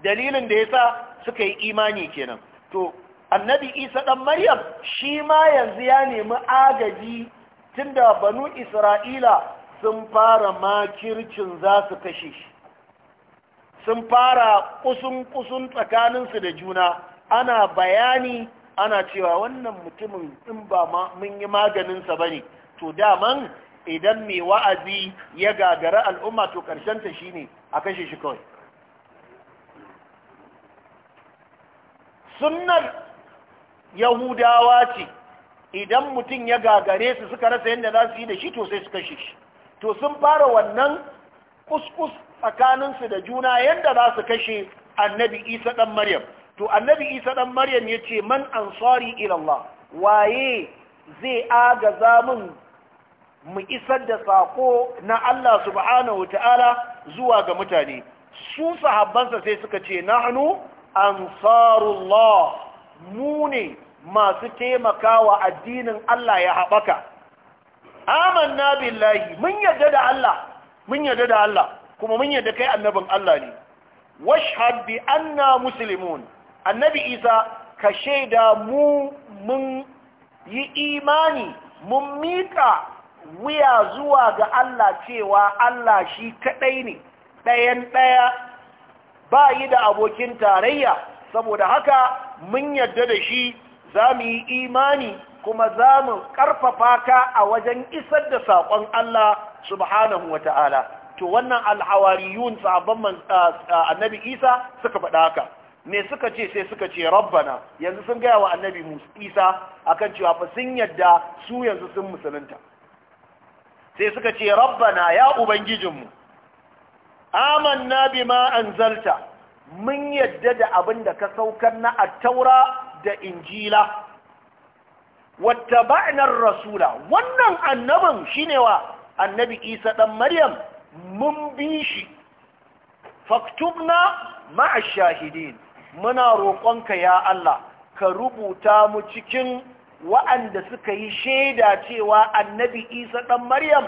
dalilin da sa suka yi imani kenan to annabi Isa dan Maryam shi ma yanzu ya nemi agaji tunda banu Isra'ila sun fara makircin za su kashe shi sun fara kusun-kusun tsakaninsu da juna ana bayani ana cewa wannan mutumin in ba mun yi maganinsa ba ne to daman idan mai wa'azi ya gagara al'umma to ta shi ne a kashe shi kawai sunnar yahudawa ce idan mutum ya gagare su suka rasa yadda za su yi da shi to sai su kashe shi to sun fara wannan kuskus tsakaninsu da juna yadda za su kashe annabi isa ɗan maryam to annabi isa ɗan maryam ya ce man ansari ilallah waye zai agaza mun mu isar da sako na Allah subhanahu wa ta'ala zuwa ga mutane su sahabbansa sai suka ce nahnu ansarullah mu ne masu taimakawa addinin Allah ya haɓaka amanna billahi mun yarda da Allah mun yarda da Allah kuma mun yadda kai annabin Allah ne washhad bi anna muslimun annabi isa ka shaida mu mun yi imani mun miƙa wuya zuwa ga Allah cewa Allah shi kaɗai ne ɗayan ɗaya ba yi da abokin tarayya saboda haka mun yadda da shi za mu yi imani kuma za mu ƙarfafa ka a wajen isar da saƙon Allah subhanahu wa ta'ala to wannan alhawariyun man annabi isa suka faɗa haka me suka ce sai suka ce rabbana yanzu sun gaya wa annabi isa akan cewa fa sun yadda su yanzu sun musulunta sai suka ce rabbana ya ubangijinmu amanna bima anzalta mun yadda da abin da ka saukar na attaura da injila wattaba'na rasula wannan annabin shine wa annabi isa dan maryam mun bi shi faktubna ma'a shahidin muna roƙonka ya Allah ka rubuta mu cikin wa'anda suka yi shaida cewa annabi isa ɗan maryam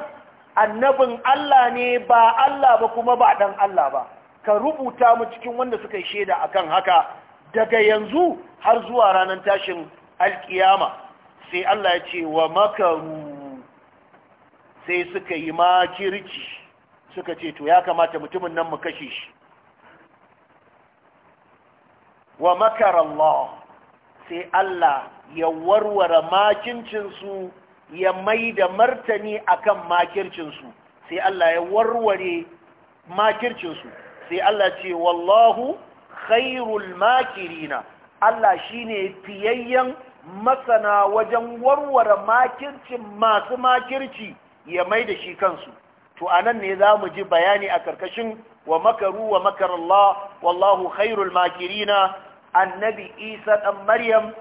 annabin Allah ne ba Allah ba kuma ba ɗan Allah ba ka rubuta mu cikin wanda suka yi shaida akan haka daga yanzu har zuwa ranar tashin alkiyama sai Allah ya ce wa makaru sai suka yi makirci suka ce to ya kamata mutumin nan mu kashe shi wa makar Allah sai Allah ya warware makincinsu ya mai da martani akan makircinsu sai Allah ya warware makircinsu sai Allah ce wallahu khairul makirina Allah shine fiyayyen masana wajen warware makircin masu makirci ya mai da shi kansu to anan ne za mu ji bayani a ƙarƙashin, wa makaru wa makarallah wallahu khairul makirina annabi isa ɗan maryam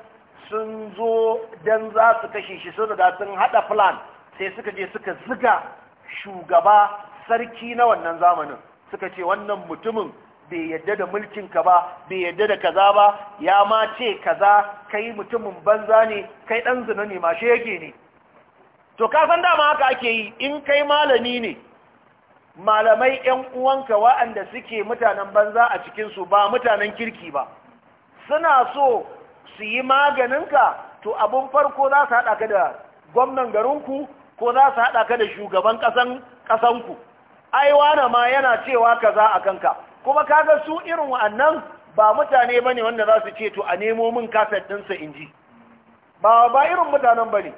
sun zo dan za su kashe shi sun riga sun haɗa plan sai suka je suka ziga shugaba sarki na wannan zamanin suka ce wannan mutumin bai yadda da mulkin ka ba bai yadda da kaza ba ya ma ce kaza kai mutumin banza ne kai ɗan zina ne yake ne to ka san dama haka ake yi in kai malami ne malamai yan uwanka wa'anda suke mutanen banza a cikinsu ba mutanen kirki ba suna so su yi maganinka to abun farko za su haɗa ka da gwamnan garinku ko za su haɗa ka da shugaban ƙasanku ai wane ma yana cewa kaza a kanka kuma kaga su irin wa'annan ba mutane bane wanda za su ce to a nemo min kaset ɗinsa in ji ba ba irin mutanen bane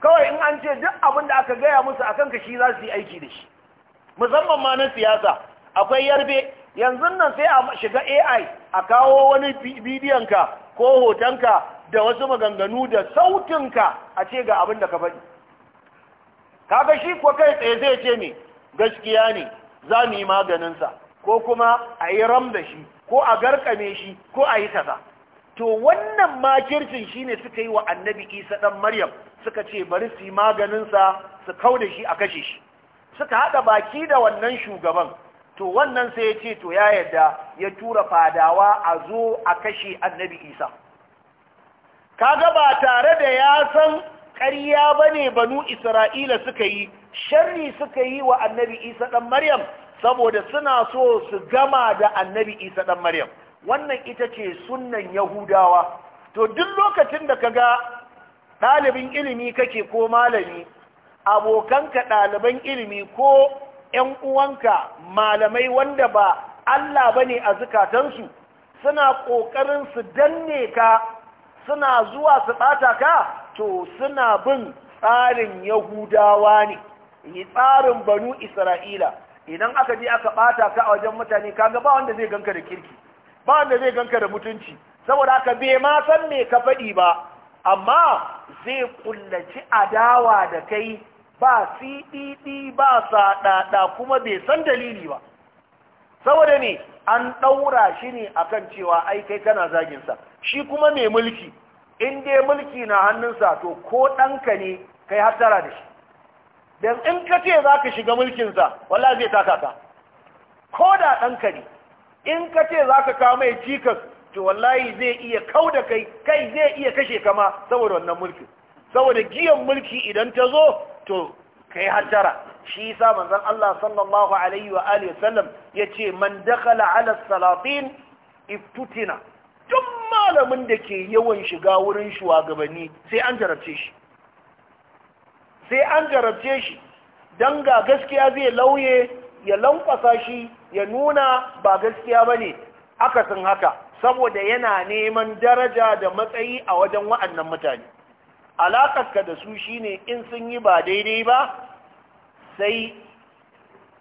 kawai in an ce duk abin da aka gaya musu a kanka shi za su yi aiki da shi musamman ma na siyasa akwai yarbe yanzu nan sai a shiga ai a kawo wani bidiyonka ko hotonka da wasu maganganu da sautinka a ce ga abin da ka faɗi kaga shi ko kai tsaye zai ce ne gaskiya ne za mu yi maganinsa ko kuma a yi ram da shi ko a garkame shi ko a yi kaza to wannan makircin shine suka yi wa annabi isa dan maryam suka ce bari su yi maganinsa su kau shi a kashe shi suka haɗa baki da wannan shugaban to wannan sai ya ce to ya yadda ya tura fadawa a zo a kashe annabi isa kaga ba tare da ya san ƙarya ba ne banu isra'ila suka yi sharri suka yi wa annabi isa ɗan maryam saboda suna so su gama da annabi isa ɗan maryam wannan ita ce sunnan yahudawa to duk lokacin da ka ga ɗalibin ilimi kake ko malami abokanka ɗaliban ilimi ko ‘yan uwanka malamai wanda ba Allah ba ne a zukatansu suna ƙoƙarin su danne ka suna zuwa su ɓata ka to suna bin tsarin yahudawa ne yi tsarin banu isra'ila idan aka je aka ɓata ka a wajen mutane kaga ba wanda zai ganka da kirki ba wanda zai ganka da mutunci saboda haka bai ma san me ka faɗi ba amma zai kullaci adawa da kai ba siɗiɗi e ba saɗaɗa kuma bai san dalili ba saboda ne an ɗaura shi ne akan cewa ai kai kana zaginsa shi kuma mai mulki in dai mulki na hannunsa to ko ɗanka ne kai hattara da shi don in ka ce za ka shiga mulkinsa wallah zai taka ka ko da ɗanka ne in ka ce za ka kawo mai cikas to wallahi zai iya kau da kai kai zai iya kashe kama saboda wannan mulki saboda giyan mulki idan ta zo to kai hajjara shi yasa manzon Allah sallallahu alaihi wa alihi wasallam yace man dakhala ala salatin iftutina duk malamin da ke yawan shiga wurin shugabanni sai an jarabce shi sai an jarabce shi dan ga gaskiya zai lauye ya lankwasa shi ya nuna ba gaskiya ba ne akasin haka saboda yana neman daraja da matsayi a wajen wa'annan mutane alakarka da su shine in sun yi ba daidai ba sai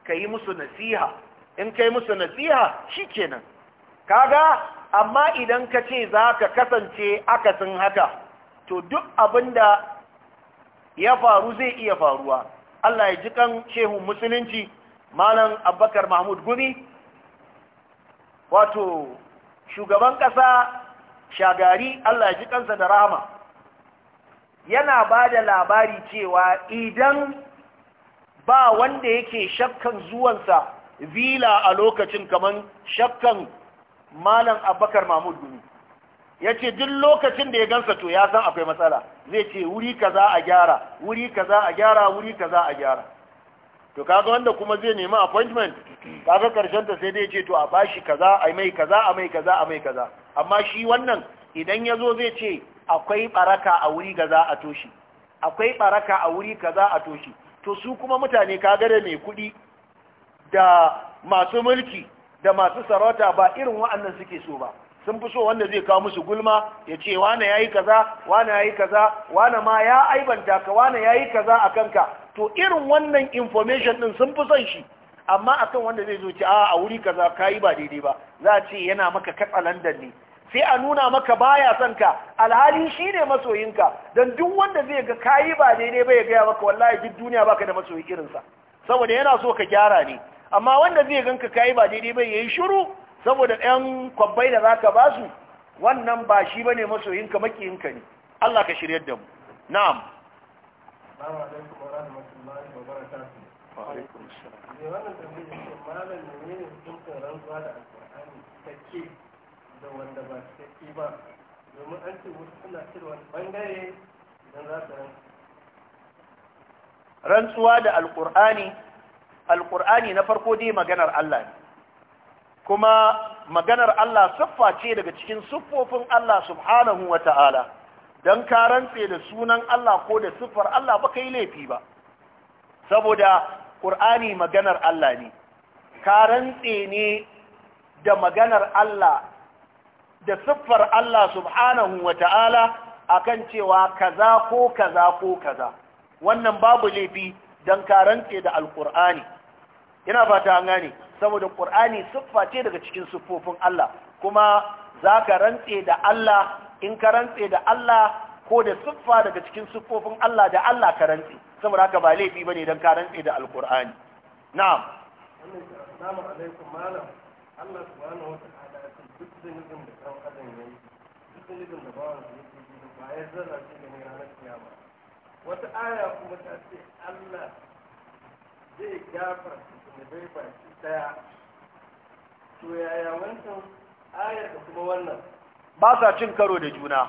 ka yi musu nasiha in ka yi musu nasiha shi kenan kaga amma idan ka ce za ka kasance akasin haka to duk abin da ya faru zai iya faruwa Allah ya ji kan shehun musulunci malam abubakar mahmud gumi wato shugaban ƙasa shagari allah ji kansa da rahama yana ba da labari cewa idan ba wanda yake shakkan zuwansa vila a lokacin kamar shakkan malam abubakar mahmud gumi ya ce duk lokacin da ya gansa to ya san akwai matsala zai ce wuri ka za a gyara wuri ka za a gyara wuri ka za a gyara to kaga wanda kuma zai nemi appointment kaga karshen ta sai dai ce to a bashi kaza a mai kaza a mai kaza a mai kaza amma shi wannan idan ya zo zai ce akwai baraka a wuri kaza a toshi akwai baraka a wuri kaza a toshi to su kuma mutane kaga da mai kuɗi da masu mulki da masu sarauta ba irin wa'annan suke so ba sun fi so wanda zai kawo musu gulma ya ce wane ya yi kaza wane ya yi kaza wane ma ya aibanta ka wane ya yi kaza a kanka to irin wannan information din sun fi son shi amma akan wanda zai zo ce a a wuri kaza kayi ba daidai ba za a ce yana maka katsalandan ne sai a nuna maka baya son ka alhali shi ne masoyinka don duk wanda zai ga kayi ba daidai ba ya gaya maka wallahi duk duniya baka da masoyi irinsa saboda yana so ka gyara ne amma wanda zai ganka kayi ba daidai ba ya yi shiru saboda ɗan kwabbai da zaka ba su wannan ba shi bane masoyinka makiyinka ne Allah ka shiryar da mu na'am rantsuwa da alƙur'ani alƙur'ani na farko dai maganar Allah ne kuma maganar Allah siffa ce daga cikin siffofin Allah subhanahu wa ta'ala don ka rantse da sunan Allah ko da siffar Allah ba ka yi laifi ba saboda ƙur'ani maganar Allah ne ka rantse ne da maganar Allah da siffar Allah subhanahu wa ta'ala a kan cewa kaza ko kaza ko kaza wannan babu laifi don ka rantse da alƙur'ani ina fata an gane saboda ƙur'ani siffa ce daga cikin siffofin Allah kuma za ka rantse da Allah in ka rantse da Allah ko da siffa daga cikin siffofin Allah da Allah ka rantse saboda haka ba laifi bane dan ka rantse da alqur'ani na'am assalamu alaikum malam Allah subhanahu wa ta'ala ya ce duk zunubin da kan adam yayi duk zunubin da bawan da yake yi ba ya zarra shi ne ranar kiyama wata aya kuma ta ce Allah zai gafarta zunubai baki daya to yaya wancan ayar da kuma wannan ba sa cin karo da juna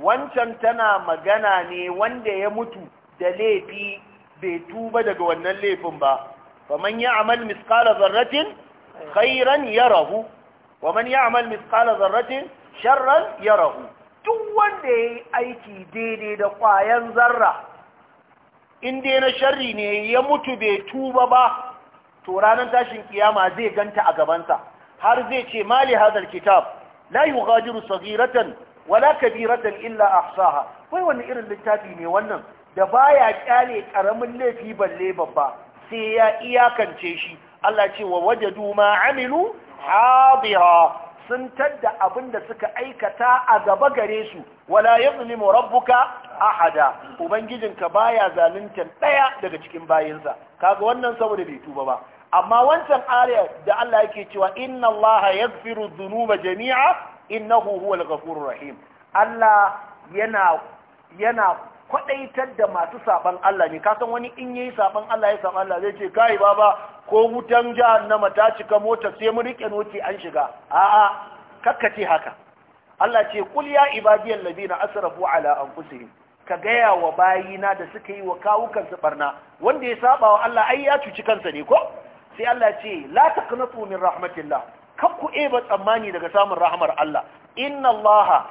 wancan tana magana ne wanda ya mutu da laifi bai tuba daga wannan laifin ba faman ya'mal misqala dharratin khairan yarahu waman ya'mal misqala dharratin sharran yarahu duk wanda yayi aiki daidai da kwayan zarra in dai na sharri ne ya mutu bai tuba ba to ranar tashin kiyama zai ganta a gabansa har zai ce mali hadal kitab la yughadiru saghiratan wala kabiratan illa ahsaha wai wani irin littafi ne wannan da baya kyale karamin laifi balle babba sai ya iyakance shi Allah ce wa wajadu ma amilu hadira sun tadda abinda suka aikata a gaba gare su wala yuzlimu rabbuka ahada ubangijinka baya zaluntar daya daga cikin bayinsa kaga wannan saboda bai tuba ba amma wancan ayar da Allah yake cewa inna Allah yaghfiru dhunuba jami'a innahu huwal ghafurur rahim Allah yana yana kwadaitar da masu saban Allah ne kasan wani in yayi saban Allah ya saban Allah zai ce kai baba ko wutan jahannama mata cika mota sai mu rike noti an shiga a'a kakkace haka Allah ce kul ya ibadiyal ladina asrafu ala anfusihim ka gaya wa bayina da suka yi wa kawukansu barna wanda ya saba wa Allah ai ya cuci kansa ne ko sai Allah ce la taqnatu min rahmatillah kakku ba tsammani daga samun rahamar Allah inna Allah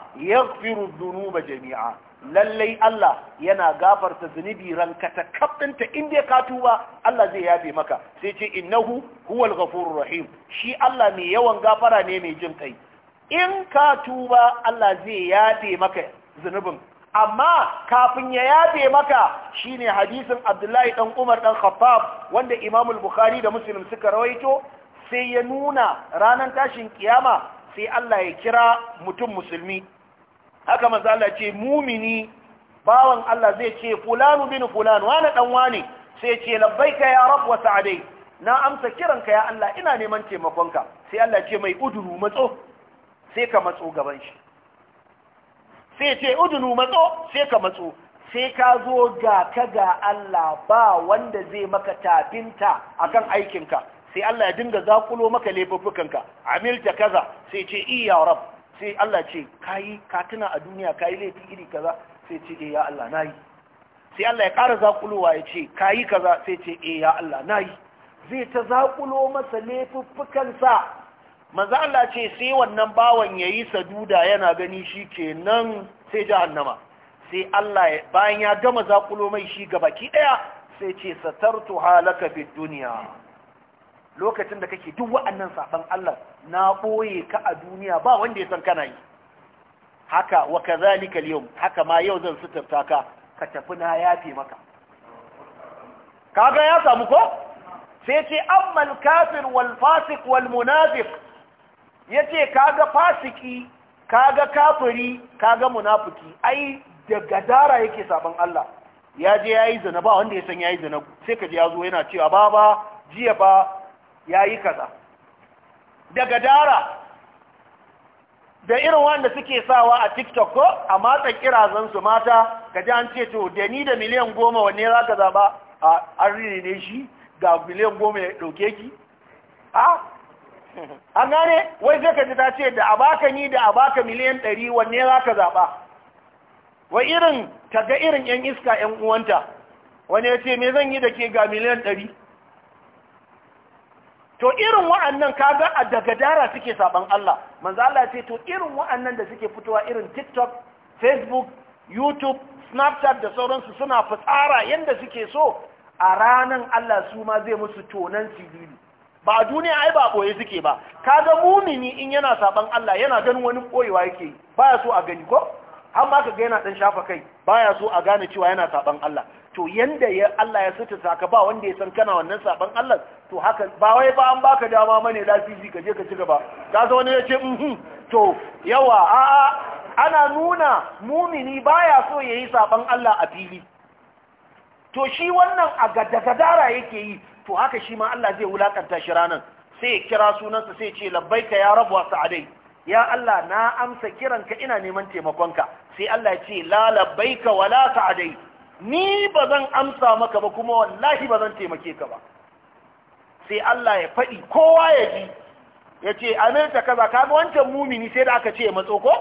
firu dhunuba jami'a lallai Allah yana gafarta zunubi ranka ta kafinta inda ya katuba Allah zai yafe maka sai ce innahu huwal ghafurur rahim shi Allah mai yawan gafara ne mai jin kai in ka tuba Allah zai yafe maka zunubin amma kafin ya yafe maka shine hadisin Abdullahi dan Umar dan Khattab wanda Imam al-Bukhari da Muslim suka rawaito sai ya nuna ranar tashin kiyama sai Allah ya kira mutum musulmi haka manzo Allah ce mumini bawan Allah zai ce fulanu bin fulanu, wani ɗanwani. sai ce labbaika ya rabb wa sa'adai na amsa kiranka ya Allah ina neman taimakonka sai Allah ce mai udunu matso sai ka matso gaban shi sai ce udunu matso sai ka matso sai ka zo ga ka ga Allah ba wanda zai maka tafinta kan aikinka sai Allah ya dinga zakulo maka laifuffukanka amilta kaza sai ce i ya rab sai Allah ce kayi ka tuna a duniya kayi laifi iri kaza sai ce eh ya Allah nayi sai Allah ya ƙara zakulowa ya ce kayi kaza sai ce eh ya Allah nayi zai ta zakulo masa laifuffukansa manzo Allah ce sai wannan bawan yayi saduda yana gani shi sai jahannama sai Allah bayan ya gama zakulo mai shi gabaki daya sai ce satartu halaka fid dunya lokacin da kake duk wa'annan saban Allah na ɓoye ka a duniya ba wanda ya san kana yi haka wa kazalika al haka ma yau zan suturta ka ka tafi na yafe maka kaga ya samu ko sai ce amma kafir wal fasiq wal munafiq yace kaga fasiki kaga kafiri kaga munafiki ai da gadara yake saban Allah ya je yayi zina ba wanda ya san yayi zina sai ka ji yazo yana cewa ba ba jiya ba ya yi kaza daga dara da irin wanda suke sawa a tiktok ko a matsa kirazansu mata ka ji an ce to da ni da miliyan goma wanne za ka zaba a an ne shi ga miliyan goma ya ɗauke ki a an gane wai zai ka ji ta ce da a baka ni da a baka miliyan ɗari wanne za ka zaba wai irin ka ga irin yan iska yan uwanta wani ya ce me zan yi da ke ga miliyan ɗari to irin wa'annan kaga a daga dara suke saban Allah manzo Allah ce to irin wa'annan da suke fitowa irin TikTok Facebook YouTube Snapchat da sauransu suna fitsara yanda suke so a ranan Allah su ma zai musu tonan silili ba a duniya ai ba boye suke ba kaga mumini in yana saban Allah yana ganin wani koyewa yake baya so a gani ko har ma ka ga yana dan shafa kai baya so a gane cewa yana saban Allah to yanda ya Allah ya sutura saka ba wanda ya san kana wannan saban Allah to haka ba wai ba an baka dama mane lafizi ka je ka ci gaba ka zo wani yace mhm to yawa a a ana nuna mumini baya so yayi saban Allah a fili to shi wannan a gadara yake yi to haka shi ma Allah zai wulakanta shi ranan sai ya kira sunansa sai ya ce labbaika ya rabu wa sa'adai ya Allah na amsa kiranka ina neman taimakonka sai Allah ya ce la labbaika wala sa'adai ni ba zan amsa maka ba kuma wallahi ba zan taimake ka ba sai Allah ya faɗi kowa ya ji ya ce amirta kaza ga wancan mumini sai da aka ce ya matso ko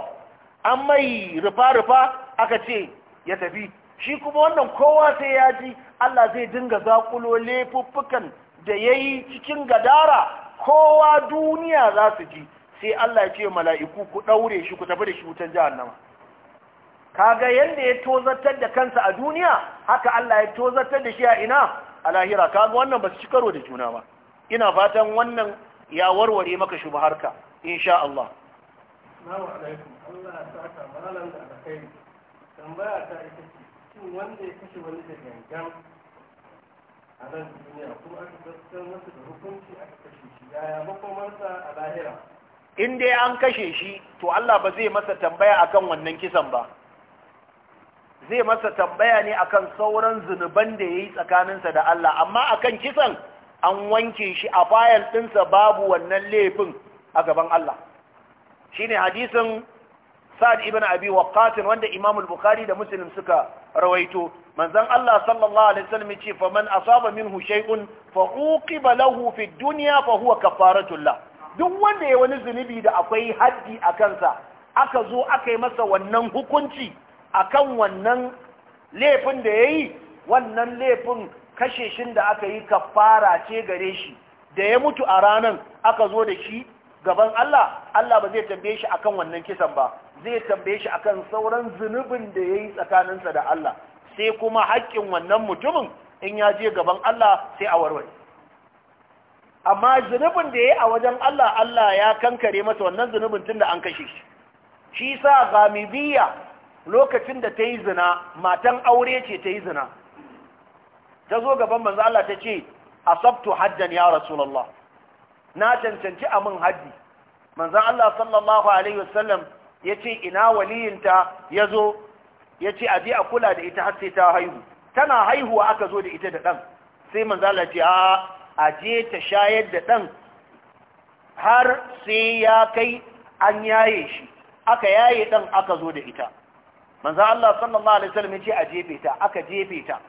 an mai rufa-rufa aka ce ya tafi shi kuma wannan kowa sai ya ji Allah zai dinga zakulo laifuffukan da ya yi cikin gadara kowa duniya za su ji sai Allah ya ce mala'iku ku ɗaure shi ku tafi da shi wutan jihar nama kaga yanda ya tozartar da kansa a duniya haka Allah ya tozartar da shi a ina a lahira kaga wannan ba su ci karo da juna ba ina fatan wannan ya warware maka shubharka insha Allah Allah a in dai an kashe shi to Allah ba zai masa tambaya akan wannan kisan ba zai masa tambaya ne akan sauran zunuban da ya yi tsakaninsa da Allah amma akan kisan an wanke shi a fayal ɗinsa babu wannan laifin a gaban Allah shi ne hadisin sa'ad ibn abi waqqatin wanda imamul al-bukhari da muslim suka rawaito manzon Allah sallallahu alaihi wasallam ce fa man asaba minhu shay'un fa uqiba lahu fi fa huwa kafaratullah duk wanda ya wani zunubi da akwai haddi a kansa aka zo aka yi masa wannan hukunci akan wannan laifin da ya yi wannan laifin kashe shin da aka yi kafara ce gare shi da ya mutu a ranan aka zo da shi gaban Allah Allah ba zai tambaye shi akan wannan kisan ba zai tambaye shi akan sauran zunubin da ya yi tsakaninsa da Allah sai kuma haƙƙin wannan mutumin in ya je gaban Allah sai a warware amma zunubin da yayi a wajen Allah Allah ya kankare masa wannan zunubin tun da an kashe shi shi sa gamibiya lokacin da ta yi zina matan aure ce ta yi zina ta zo gaban manzo Allah ta ce asabtu haddan ya rasulullah na cancanci mun haddi manzo Allah sallallahu alaihi wasallam yace ina waliyinta yazo yace aje a kula da ita har sai ta haihu tana haihuwa aka zo da ita da ɗan. sai manzo Allah ce a aje ta shayar da ɗan har sai ya kai an yaye shi aka yaye ɗan aka zo da ita manzan Allah sallallahu alaihi wasallam yace a jefe ta aka jefe ta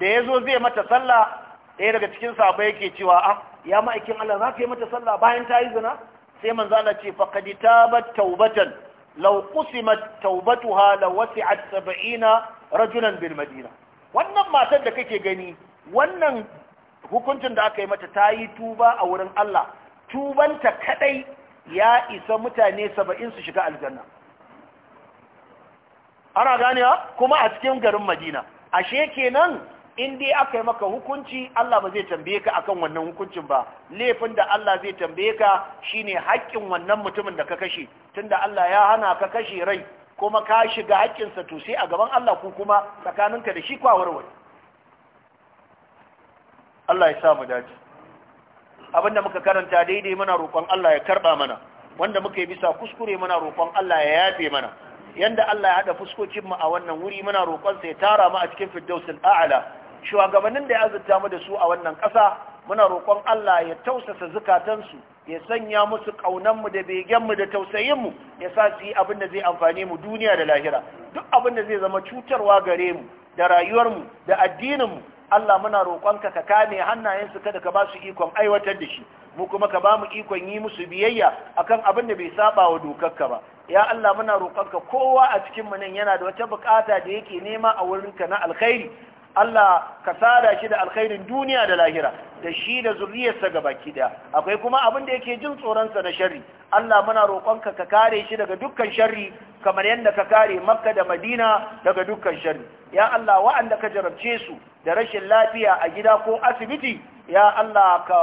da yazo zai mata sallah ɗaya daga cikin sabo yake cewa a ah, ya ma'aikin Allah za ka yi mata sallah bayan ta yi zina sai manzo Allah ce faqad ba tawbatan law qusimat tawbatuha la wasi'at 70 rajulan madina wannan matar da kake gani wannan hukuncin da aka yi mata ta yi tuba a wurin Allah tubanta kaɗai ya isa mutane saba'in su shiga aljanna ana ganewa kuma a cikin garin madina ashe kenan in dai aka yi maka hukunci Allah ba zai tambaye ka akan wannan hukuncin ba laifin da Allah zai tambaye ka shine haƙƙin wannan mutumin da ka kashe tunda Allah ya hana ka kashe rai kuma ka shiga haƙƙinsa to sai a gaban Allah ku kuma tsakaninka da shi kwawarwar Allah ya sa mu dace abinda muka karanta daidai muna roƙon Allah ya karɓa mana wanda muka yi bisa kuskure muna roƙon Allah ya yafe mana yanda Allah ya hada fuskokinmu a wannan wuri muna roƙon ya tara mu a cikin firdausul a'la shugabannin da ya azurta mu da su a wannan ƙasa muna roƙon Allah ya tausasa zukatansu ya sanya musu ƙaunanmu da begenmu da tausayinmu ya sa su yi abin da zai amfane mu duniya da lahira duk abin da zai zama cutarwa gare mu da rayuwarmu da addininmu Allah muna roƙonka ka kame hannayensu kada ka ba su ikon aiwatar da shi mu kuma ka ba mu ikon yi musu biyayya akan abin da bai saba wa dokarka ba ya Allah muna roƙonka kowa a cikin mu nan yana da wata bukata da yake nema a wurin ka na alkhairi Allah ka sada shi da alkhairin duniya da lahira da shi da zuriyarsa ga baki daya akwai kuma abin da yake jin tsoronsa na sharri Allah muna roƙonka ka kare shi daga dukkan sharri kamar yadda ka kare makka da madina daga dukkan shari ya Allah wa'anda ka jarabce su da rashin lafiya a gida ko asibiti ya Allah ka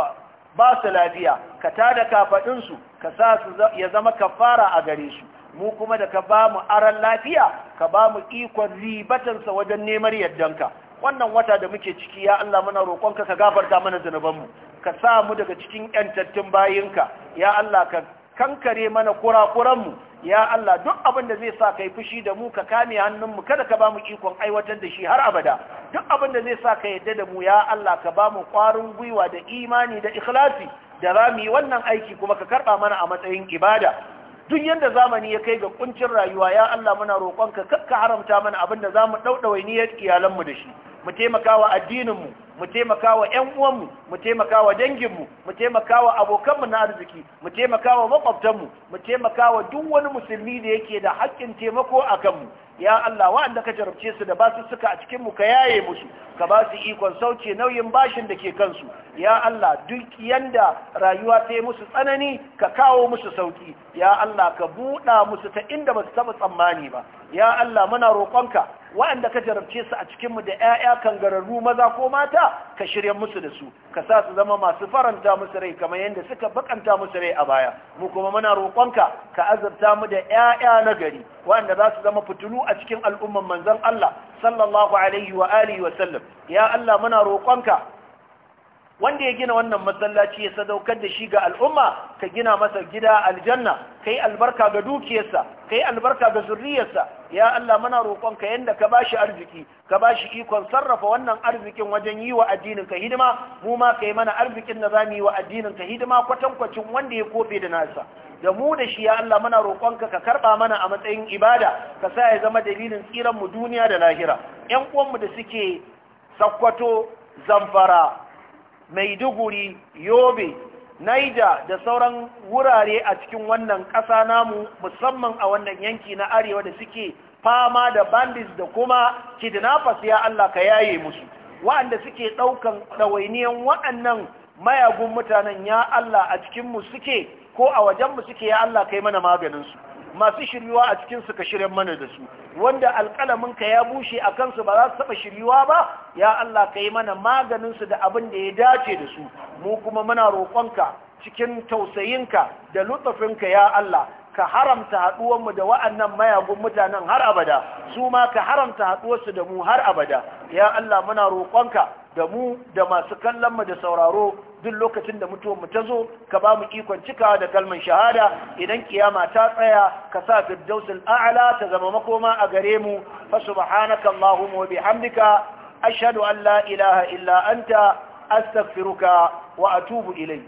ba su lafiya ka tada kafaɗinsu ka sa su ya zama kafara a gare su mu kuma da ka ba mu aran lafiya ka ba mu ikon ribatansa wajen neman yardanka wannan wata da muke ciki ya Allah muna roƙonka ka gafarta mana zunubanmu ka sa mu daga cikin ƴantattun bayinka ya Allah ka kankare mana kurakuranmu ya Allah duk abin da zai sa kai fushi da mu ka kame hannunmu kada ka ba mu ikon aiwatar da shi har abada duk abin da zai sa ka yadda da mu ya Allah ka ba mu ƙwarin gwiwa da imani da ikhlasi da za mu yi wannan aiki kuma ka karɓa mana a matsayin ibada duk yadda zamani ya kai ga kuncin rayuwa ya Allah muna roƙonka kakka haramta mana abin da za mu niyyar iyalanmu da shi mu taimakawa addininmu mu taimakawa yan uwanmu mu taimakawa danginmu mu taimakawa abokanmu na arziki mu taimakawa makwabtanmu mu taimakawa duk wani musulmi da yake da haƙƙin taimako a kanmu ya Allah wa'anda ka jarabce su da basu suka a cikin mu ka yaye musu ka ba su ikon sauce nauyin bashin da ke kansu ya Allah duk yanda rayuwa ta yi musu tsanani ka kawo musu sauki ya Allah ka buɗa musu ta inda ba su taɓa tsammani ba ya Allah muna roƙonka waɗanda ka jarabce su a cikinmu da 'ya'ya kangararru maza ko mata ka shirya musu da su ka sa su zama masu faranta musu rai kamar yadda suka bakanta musu rai a baya mu kuma muna roƙonka ka azurta mu da 'ya'ya na gari waɗanda za su zama fitilu a cikin al'umman manzon Allah sallallahu alaihi wa alihi wa sallam ya Allah muna roƙonka wanda ya gina wannan masallaci ya sadaukar da shi ga al'umma ka gina masa gida aljanna kai albarka ga dukiyarsa kai albarka ga zurriyarsa ya Allah muna roƙonka yanda ka bashi arziki ka ba bashi ikon sarrafa wannan arzikin wajen yi wa addinin ka hidima mu ma kai mana arzikin da zamu yi wa addinin ka hidima kwatankwacin wanda ya kofe da nasa da mu da shi ya Allah muna roƙonka ka karɓa mana a matsayin ibada ka sa ya zama dalilin tsiran mu duniya da lahira ƴan uwanmu da suke Sakkwato, Zamfara, maiduguri yobe naija da sauran wurare a cikin wannan ƙasa namu musamman a wannan yanki na arewa da suke fama da bandits da kuma kidnappers ya Allah ka yaye musu waɗanda suke ɗaukan ɗawainiyan waɗannan mayagun mutanen ya Allah a cikinmu suke ko a wajenmu suke ya Allah kai mana maganinsu masu shiryuwa a cikin suka ka shirya mana da su wanda alkalamin ka ya bushe a kansu ba za su taɓa shiryuwa ba ya Allah ka yi mana maganin su da abin da ya dace da su mu kuma muna roƙonka cikin tausayinka da lutsufinka ya Allah ka haramta haɗuwar mu da wa'annan mayagun mutanen har abada su ma ka haramta haɗuwarsu da mu har abada ya Allah muna roƙonka da mu da masu kallon mu da sauraro duk lokacin da mutuwar mu ta zo ka ba mu ikon cika da kalman shahada idan kiyama ta tsaya ka sa firdausul a'la ta zama makoma a gare mu fa subhanaka allahumma wa bihamdika ashhadu an la ilaha illa anta astaghfiruka wa atubu ilayk